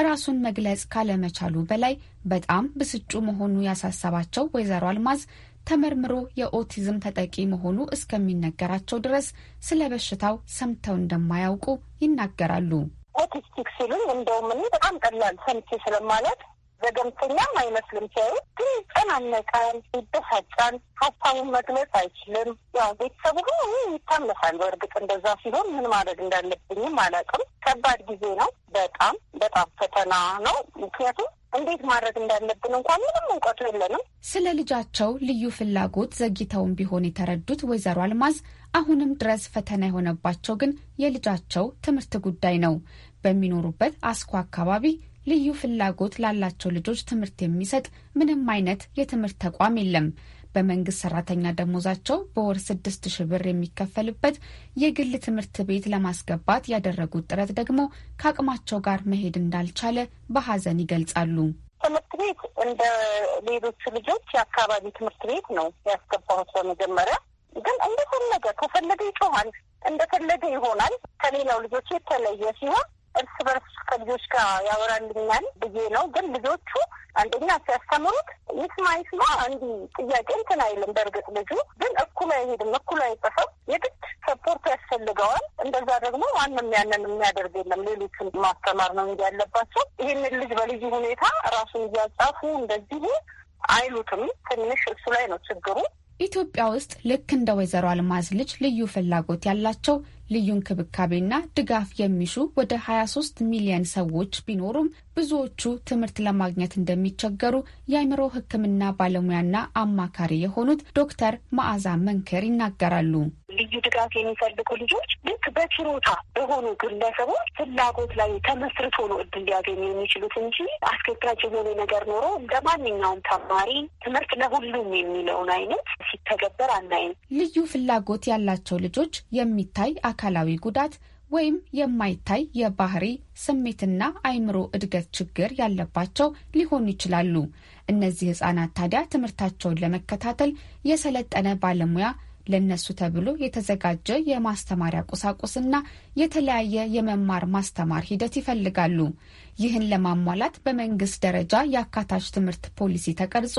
ራሱን መግለጽ ካለመቻሉ በላይ በጣም ብስጩ መሆኑ ያሳሰባቸው ወይዘሮ አልማዝ ተመርምሮ የኦቲዝም ተጠቂ መሆኑ እስከሚነገራቸው ድረስ ስለ በሽታው ሰምተው እንደማያውቁ ይናገራሉ። ኦቲስቲክ ሲሉኝ እንደውም እኔ በጣም ቀላል ሰምቼ ስለማለት ዘገምተኛም አይመስልም። ሲያዩ ግን ይጨናነቃል፣ ይበሳጫል፣ ሀሳቡን መግለጽ አይችልም። ያው ቤተሰቡ ግን ይታመሳል። በእርግጥ እንደዛ ሲሆን ምን ማድረግ እንዳለብኝም አላውቅም። ከባድ ጊዜ ነው። በጣም በጣም ፈተና ነው። ምክንያቱም እንዴት ማድረግ እንዳለብን እንኳን ምንም እውቀቱ የለንም። ስለ ልጃቸው ልዩ ፍላጎት ዘግይተውን ቢሆን የተረዱት ወይዘሮ አልማዝ አሁንም ድረስ ፈተና የሆነባቸው ግን የልጃቸው ትምህርት ጉዳይ ነው። በሚኖሩበት አስኮ አካባቢ ልዩ ፍላጎት ላላቸው ልጆች ትምህርት የሚሰጥ ምንም አይነት የትምህርት ተቋም የለም። በመንግስት ሰራተኛ ደሞዛቸው በወር ስድስት ብር የሚከፈልበት የግል ትምህርት ቤት ለማስገባት ያደረጉት ጥረት ደግሞ ከአቅማቸው ጋር መሄድ እንዳልቻለ በሀዘን ይገልጻሉ። ትምህርት ቤት እንደ ሌሎቹ ልጆች የአካባቢ ትምህርት ቤት ነው ያስገባሁት። በመጀመሪያ ግን እንደፈለገ ከፈለገ ይጮሃል፣ እንደፈለገ ይሆናል። ከሌላው ልጆች የተለየ ሲሆን እርስ በርስ ከልጆች ጋር ያወራልኛል ብዬ ነው። ግን ልጆቹ አንደኛ ሲያስተምሩት ይስማ ይስማ አንዲ ጥያቄ እንትን አይልም። በእርግጥ ልጁ ግን እኩል አይሄድም፣ እኩል አይጽፍም። የግድ ሰፖርት ያስፈልገዋል። እንደዛ ደግሞ ማንም ያንን የሚያደርግ የለም። ሌሎችን ማስተማር ነው እንጂ ያለባቸው ይህንን ልጅ በልዩ ሁኔታ ራሱን እያጻፉ እንደዚሁ አይሉትም። ትንሽ እሱ ላይ ነው ችግሩ። ኢትዮጵያ ውስጥ ልክ እንደ ወይዘሮ አልማዝ ልጅ ልዩ ፍላጎት ያላቸው ልዩ እንክብካቤና ድጋፍ የሚሹ ወደ 23 ሚሊዮን ሰዎች ቢኖሩም ብዙዎቹ ትምህርት ለማግኘት እንደሚቸገሩ የአእምሮ ሕክምና ባለሙያና አማካሪ የሆኑት ዶክተር መዓዛ መንከር ይናገራሉ። ልዩ ድጋፍ የሚፈልጉ ልጆች ልክ በችሮታ በሆኑ ግለሰቦች ፍላጎት ላይ ተመስርቶ ነው እድል ሊያገኙ የሚችሉት እንጂ አስገዳጅ የሆነ ነገር ኖሮ እንደ ማንኛውም ተማሪ ትምህርት ለሁሉም የሚለውን አይነት ሲተገበር አናይም። ልዩ ፍላጎት ያላቸው ልጆች የሚታይ አካላዊ ጉዳት ወይም የማይታይ የባህሪ ስሜትና አእምሮ እድገት ችግር ያለባቸው ሊሆኑ ይችላሉ። እነዚህ ህጻናት ታዲያ ትምህርታቸውን ለመከታተል የሰለጠነ ባለሙያ ለነሱ ተብሎ የተዘጋጀ የማስተማሪያ ቁሳቁስና የተለያየ የመማር ማስተማር ሂደት ይፈልጋሉ። ይህን ለማሟላት በመንግስት ደረጃ የአካታች ትምህርት ፖሊሲ ተቀርጾ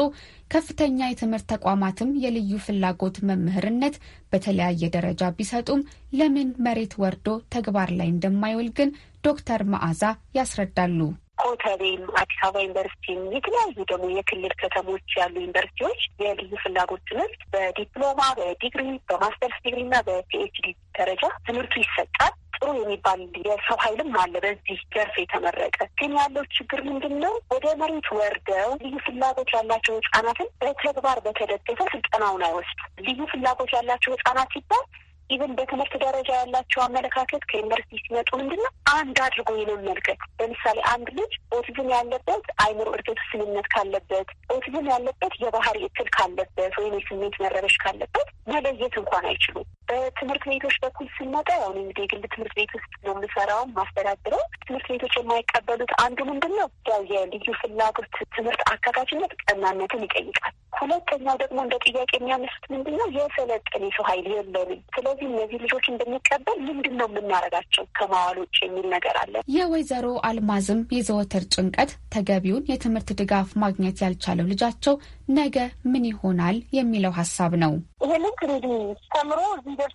ከፍተኛ የትምህርት ተቋማትም የልዩ ፍላጎት መምህርነት በተለያየ ደረጃ ቢሰጡም ለምን መሬት ወርዶ ተግባር ላይ እንደማይውል ግን ዶክተር መዓዛ ያስረዳሉ። ኮተቤም፣ አዲስ አበባ ዩኒቨርሲቲም የተለያዩ ደግሞ የክልል ከተሞች ያሉ ዩኒቨርሲቲዎች የልዩ ፍላጎት ትምህርት በዲፕሎማ፣ በዲግሪ፣ በማስተርስ ዲግሪ እና በፒኤችዲ ደረጃ ትምህርቱ ይሰጣል። ጥሩ የሚባል የሰው ኃይልም አለ በዚህ ዘርፍ የተመረቀ። ግን ያለው ችግር ምንድን ነው? ወደ መሬት ወርደው ልዩ ፍላጎት ያላቸው ህጻናትን በተግባር በተደገፈ ስልጠናውን አይወስዱ። ልዩ ፍላጎት ያላቸው ህጻናት ሲባል ኢቨን በትምህርት ደረጃ ያላቸው አመለካከት ከዩኒቨርሲቲ ሲመጡ ምንድን ነው አንድ አድርጎ የመመልከት ለምሳሌ አንድ ልጅ ኦቲዝም ያለበት አይምሮ እድገት ውስንነት ካለበት፣ ኦቲዝም ያለበት የባህሪ እክል ካለበት ወይም የስሜት መረበሽ ካለበት መለየት እንኳን አይችሉም። በትምህርት ቤቶች በኩል ስንመጣ ያሁን እንግዲህ የግል ትምህርት ቤት ውስጥ ነው የምሰራውም ማስተዳድረው። ትምህርት ቤቶች የማይቀበሉት አንዱ ምንድን ነው ያው የልዩ ፍላጎት ትምህርት አካታችነት ቀናነትን ይጠይቃል። ሁለተኛው ደግሞ እንደ ጥያቄ የሚያነሱት ምንድን ነው የሰለጠነ የሰው ኃይል የለንም። ስለዚህ እነዚህ እነዚህ ልጆች እንደሚቀበል ምንድን ነው የምናደርጋቸው ከማዋል ውጭ የሚል ነገር አለ። የወይዘሮ አልማዝም የዘወትር ጭንቀት ተገቢውን የትምህርት ድጋፍ ማግኘት ያልቻለው ልጃቸው ነገ ምን ይሆናል የሚለው ሀሳብ ነው። ይሄንን ክሬዲ ተምሮ እዚህ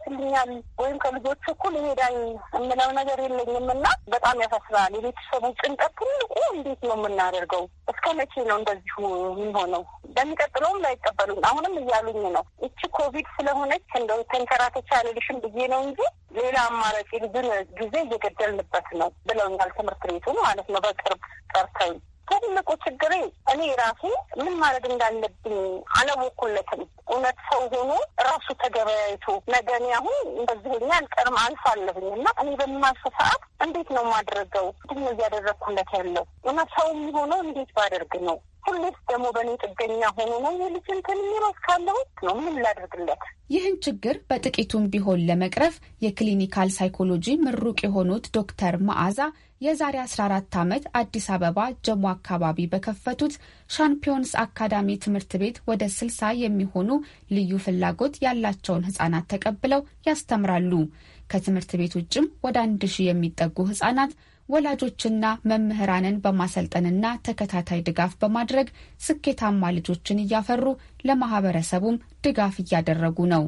ወይም ከልጆች እኩል ይሄዳል የምለው ነገር የለኝም እና በጣም ያሳስባል። የቤተሰቡ ጭንቀት ትልቁ እንዴት ነው የምናደርገው? እስከ መቼ ነው እንደዚሁ የሚሆነው? በሚቀጥለውም ላይቀበሉኝ አሁንም እያሉኝ ነው። እቺ ኮቪድ ስለሆነች እንደው ተንከራተቻ አልልሽም ብዬ ነው እንጂ ሌላ አማራጭ ልጅን ጊዜ እየገደልንበት ነው ብለውኛል። ትምህርት ቤቱ ማለት ነው በቅርብ ጠርተውኝ ትልቁ ችግሬ እኔ ራሴ ምን ማድረግ እንዳለብኝ አላወኩለትም። እውነት ሰው ሆኖ ራሱ ተገበያይቶ ነገ እኔ አሁን እንደዚህ ሆኜ አልቀርም አልፋለሁኝ እና እኔ በማልፍ ሰዓት እንዴት ነው ማድረገው? ምንድን ነው እያደረግኩለት ያለው? እውነት ሰው የሚሆነው እንዴት ባደርግ ነው? ሁሌት ደግሞ በእኔ ጥገኛ ሆኖ ነው የልጅን እንትን የሚሮስ ነው ምን ላደርግለት? ይህን ችግር በጥቂቱም ቢሆን ለመቅረፍ የክሊኒካል ሳይኮሎጂ ምሩቅ የሆኑት ዶክተር መዓዛ የዛሬ 14 ዓመት አዲስ አበባ ጀሞ አካባቢ በከፈቱት ሻምፒዮንስ አካዳሚ ትምህርት ቤት ወደ 60 የሚሆኑ ልዩ ፍላጎት ያላቸውን ህጻናት ተቀብለው ያስተምራሉ። ከትምህርት ቤት ውጭም ወደ 1 ሺህ የሚጠጉ ህጻናት ወላጆችና መምህራንን በማሰልጠንና ተከታታይ ድጋፍ በማድረግ ስኬታማ ልጆችን እያፈሩ ለማህበረሰቡም ድጋፍ እያደረጉ ነው።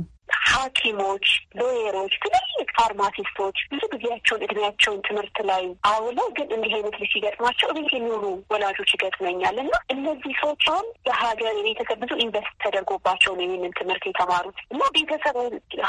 ሐኪሞች፣ ሎየሮች፣ ትልልቅ ፋርማሲስቶች ብዙ ጊዜያቸውን እድሜያቸውን ትምህርት ላይ አውለው ግን እንዲህ አይነት ልጅ ሲገጥማቸው እቤት የሚውሉ ወላጆች ይገጥመኛል እና እነዚህ ሰዎች አሁን የሀገር ቤተሰብ ብዙ ኢንቨስት ተደርጎባቸው ነው ይህንን ትምህርት የተማሩት እና ቤተሰብ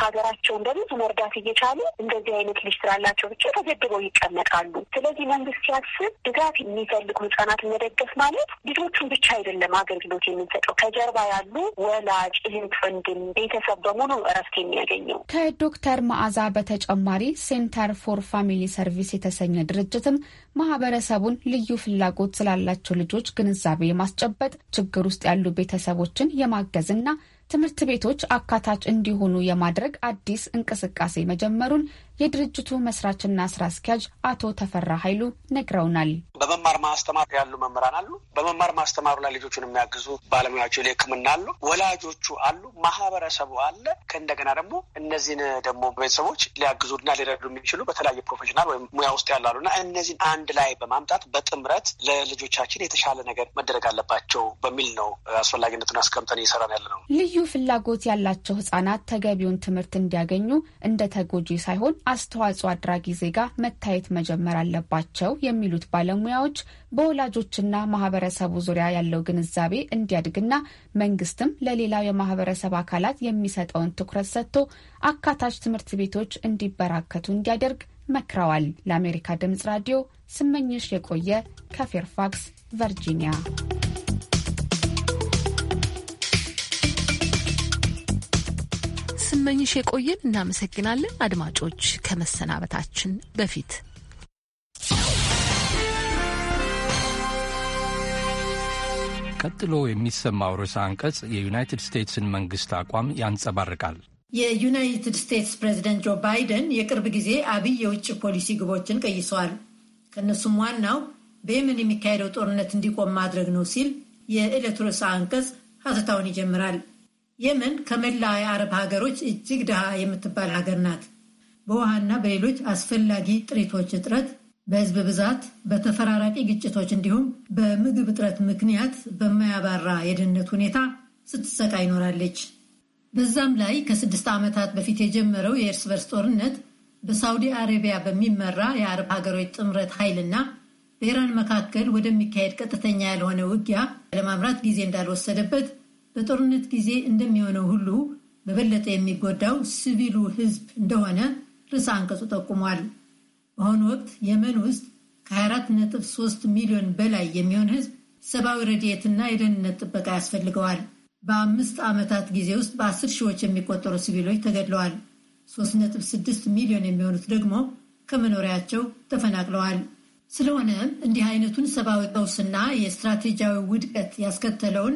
ሀገራቸውን በብዙ መርዳት እየቻሉ እንደዚህ አይነት ልጅ ስላላቸው ብቻ ተገድበው ይቀመጣሉ። ስለዚህ መንግስት ሲያስብ ድጋፍ የሚፈልጉ ህጻናት መደገፍ ማለት ልጆቹን ብቻ አይደለም አገልግሎት የምንሰጠው ከጀርባ ያሉ ወላጅ፣ እህት፣ ወንድም ቤተሰብ በሙሉ ረስ መፍትሄ የሚያገኘው። ከዶክተር መዓዛ በተጨማሪ ሴንተር ፎር ፋሚሊ ሰርቪስ የተሰኘ ድርጅትም ማህበረሰቡን ልዩ ፍላጎት ስላላቸው ልጆች ግንዛቤ የማስጨበጥ ችግር ውስጥ ያሉ ቤተሰቦችን የማገዝና ትምህርት ቤቶች አካታች እንዲሆኑ የማድረግ አዲስ እንቅስቃሴ መጀመሩን የድርጅቱ መስራችና ስራ አስኪያጅ አቶ ተፈራ ኃይሉ ነግረውናል። በመማር ማስተማር ያሉ መምህራን አሉ። በመማር ማስተማሩ ላይ ልጆቹን የሚያግዙ ባለሙያዎች ሕክምና አሉ። ወላጆቹ አሉ። ማህበረሰቡ አለ። ከእንደገና ደግሞ እነዚህን ደግሞ ቤተሰቦች ሊያግዙና ሊረዱ የሚችሉ በተለያየ ፕሮፌሽናል ወይም ሙያ ውስጥ ያሉ አሉና እነዚህን አንድ ላይ በማምጣት በጥምረት ለልጆቻችን የተሻለ ነገር መደረግ አለባቸው በሚል ነው አስፈላጊነቱን አስቀምጠን እየሰራን ያለ ነው። ልዩ ፍላጎት ያላቸው ህጻናት ተገቢውን ትምህርት እንዲያገኙ እንደ ተጎጂ ሳይሆን አስተዋጽኦ አድራጊ ዜጋ መታየት መጀመር አለባቸው የሚሉት ባለሙያዎች በወላጆችና ማህበረሰቡ ዙሪያ ያለው ግንዛቤ እንዲያድግና መንግስትም ለሌላው የማህበረሰብ አካላት የሚሰጠውን ትኩረት ሰጥቶ አካታች ትምህርት ቤቶች እንዲበራከቱ እንዲያደርግ መክረዋል። ለአሜሪካ ድምጽ ራዲዮ ስመኝሽ የቆየ ከፌርፋክስ ቨርጂኒያ ስመኝሽ የቆየን እናመሰግናለን። አድማጮች ከመሰናበታችን በፊት ቀጥሎ የሚሰማው ርዕሰ አንቀጽ የዩናይትድ ስቴትስን መንግስት አቋም ያንጸባርቃል። የዩናይትድ ስቴትስ ፕሬዚደንት ጆ ባይደን የቅርብ ጊዜ አብይ የውጭ ፖሊሲ ግቦችን ቀይሰዋል። ከእነሱም ዋናው በየመን የሚካሄደው ጦርነት እንዲቆም ማድረግ ነው ሲል የዕለቱ ርዕሰ አንቀጽ ሀተታውን ይጀምራል። የመን ከመላ የአረብ ሀገሮች እጅግ ድሃ የምትባል ሀገር ናት። በውሃና በሌሎች አስፈላጊ ጥሪቶች እጥረት፣ በህዝብ ብዛት፣ በተፈራራቂ ግጭቶች እንዲሁም በምግብ እጥረት ምክንያት በማያባራ የድህነት ሁኔታ ስትሰቃ ይኖራለች። በዛም ላይ ከስድስት ዓመታት በፊት የጀመረው የእርስ በርስ ጦርነት በሳውዲ አረቢያ በሚመራ የአረብ ሀገሮች ጥምረት ኃይልና በኢራን መካከል ወደሚካሄድ ቀጥተኛ ያልሆነ ውጊያ ለማምራት ጊዜ እንዳልወሰደበት በጦርነት ጊዜ እንደሚሆነው ሁሉ በበለጠ የሚጎዳው ሲቪሉ ሕዝብ እንደሆነ ርዕሰ አንቀጹ ጠቁሟል። በአሁኑ ወቅት የመን ውስጥ ከ4.3 ሚሊዮን በላይ የሚሆን ህዝብ ሰብአዊ ረድኤትና የደህንነት ጥበቃ ያስፈልገዋል። በአምስት ዓመታት ጊዜ ውስጥ በአስር ሺዎች የሚቆጠሩ ሲቪሎች ተገድለዋል። 3.6 ሚሊዮን የሚሆኑት ደግሞ ከመኖሪያቸው ተፈናቅለዋል። ስለሆነም እንዲህ አይነቱን ሰብአዊ ቀውስና የስትራቴጂያዊ ውድቀት ያስከተለውን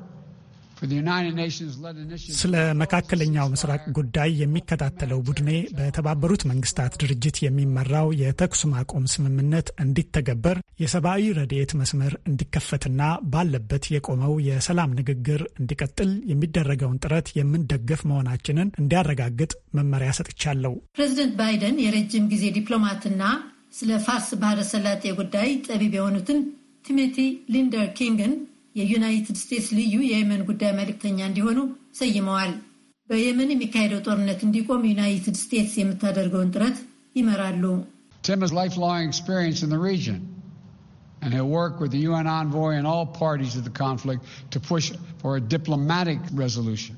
ስለ መካከለኛው ምስራቅ ጉዳይ የሚከታተለው ቡድኔ በተባበሩት መንግስታት ድርጅት የሚመራው የተኩስ ማቆም ስምምነት እንዲተገበር የሰብአዊ ረድኤት መስመር እንዲከፈትና ባለበት የቆመው የሰላም ንግግር እንዲቀጥል የሚደረገውን ጥረት የምንደገፍ መሆናችንን እንዲያረጋግጥ መመሪያ ሰጥቻለሁ። ፕሬዚደንት ባይደን የረጅም ጊዜ ዲፕሎማትና ስለ ፋርስ ባህረ ሰላጤ ጉዳይ ጠቢብ የሆኑትን ቲሞቲ ሊንደር ኪንግን Tim has lifelong experience in the region, And he'll work with the UN envoy and all parties of the conflict to push for a diplomatic resolution.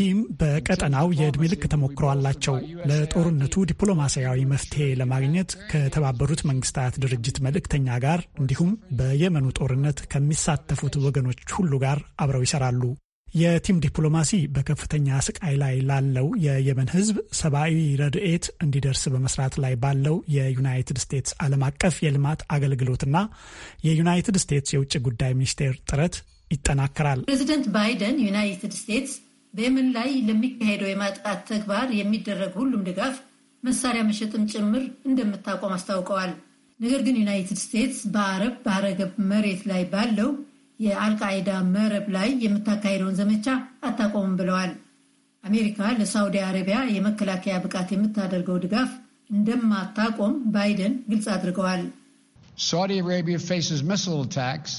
ኪም በቀጠናው የዕድሜ ልክ ተሞክሮ አላቸው። ለጦርነቱ ዲፕሎማሲያዊ መፍትሄ ለማግኘት ከተባበሩት መንግስታት ድርጅት መልእክተኛ ጋር እንዲሁም በየመኑ ጦርነት ከሚሳተፉት ወገኖች ሁሉ ጋር አብረው ይሰራሉ። የቲም ዲፕሎማሲ በከፍተኛ ስቃይ ላይ ላለው የየመን ሕዝብ ሰብአዊ ረድኤት እንዲደርስ በመስራት ላይ ባለው የዩናይትድ ስቴትስ ዓለም አቀፍ የልማት አገልግሎትና የዩናይትድ ስቴትስ የውጭ ጉዳይ ሚኒስቴር ጥረት ይጠናከራል። ፕሬዚደንት ባይደን ዩናይትድ ስቴትስ በየመን ላይ ለሚካሄደው የማጥቃት ተግባር የሚደረግ ሁሉም ድጋፍ መሳሪያ መሸጥም ጭምር እንደምታቆም አስታውቀዋል። ነገር ግን ዩናይትድ ስቴትስ በአረብ ባህረገብ መሬት ላይ ባለው የአልቃይዳ መረብ ላይ የምታካሄደውን ዘመቻ አታቆምም ብለዋል። አሜሪካ ለሳውዲ አረቢያ የመከላከያ ብቃት የምታደርገው ድጋፍ እንደማታቆም ባይደን ግልጽ አድርገዋል። ሳውዲ አረቢያ faces missile attacks,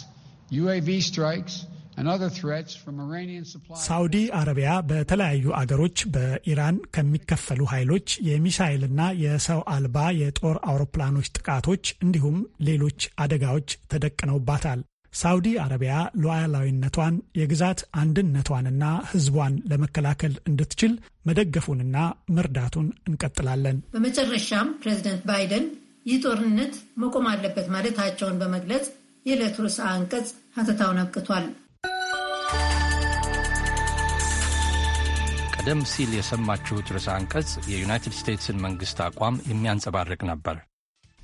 ሳውዲ አረቢያ በተለያዩ አገሮች በኢራን ከሚከፈሉ ኃይሎች የሚሳይልና የሰው አልባ የጦር አውሮፕላኖች ጥቃቶች እንዲሁም ሌሎች አደጋዎች ተደቅነውባታል። ሳውዲ አረቢያ ሉዓላዊነቷን የግዛት አንድነቷንና ሕዝቧን ለመከላከል እንድትችል መደገፉንና መርዳቱን እንቀጥላለን። በመጨረሻም ፕሬዚደንት ባይደን ይህ ጦርነት መቆም አለበት ማለታቸውን በመግለጽ የዕለቱ ርዕሰ አንቀጽ ሀተታውን አብቅቷል። ቀደም ሲል የሰማችሁት ርዕሰ አንቀጽ የዩናይትድ ስቴትስን መንግስት አቋም የሚያንጸባርቅ ነበር።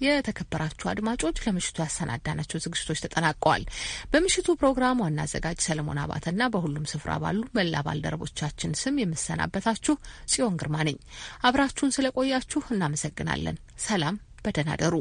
የተከበራችሁ አድማጮች ለምሽቱ ያሰናዳናቸው ዝግጅቶች ተጠናቀዋል። በምሽቱ ፕሮግራም ዋና አዘጋጅ ሰለሞን አባተና በሁሉም ስፍራ ባሉ መላ ባልደረቦቻችን ስም የምሰናበታችሁ ጽዮን ግርማ ነኝ። አብራችሁን ስለቆያችሁ እናመሰግናለን። ሰላም፣ በደህና ደሩ።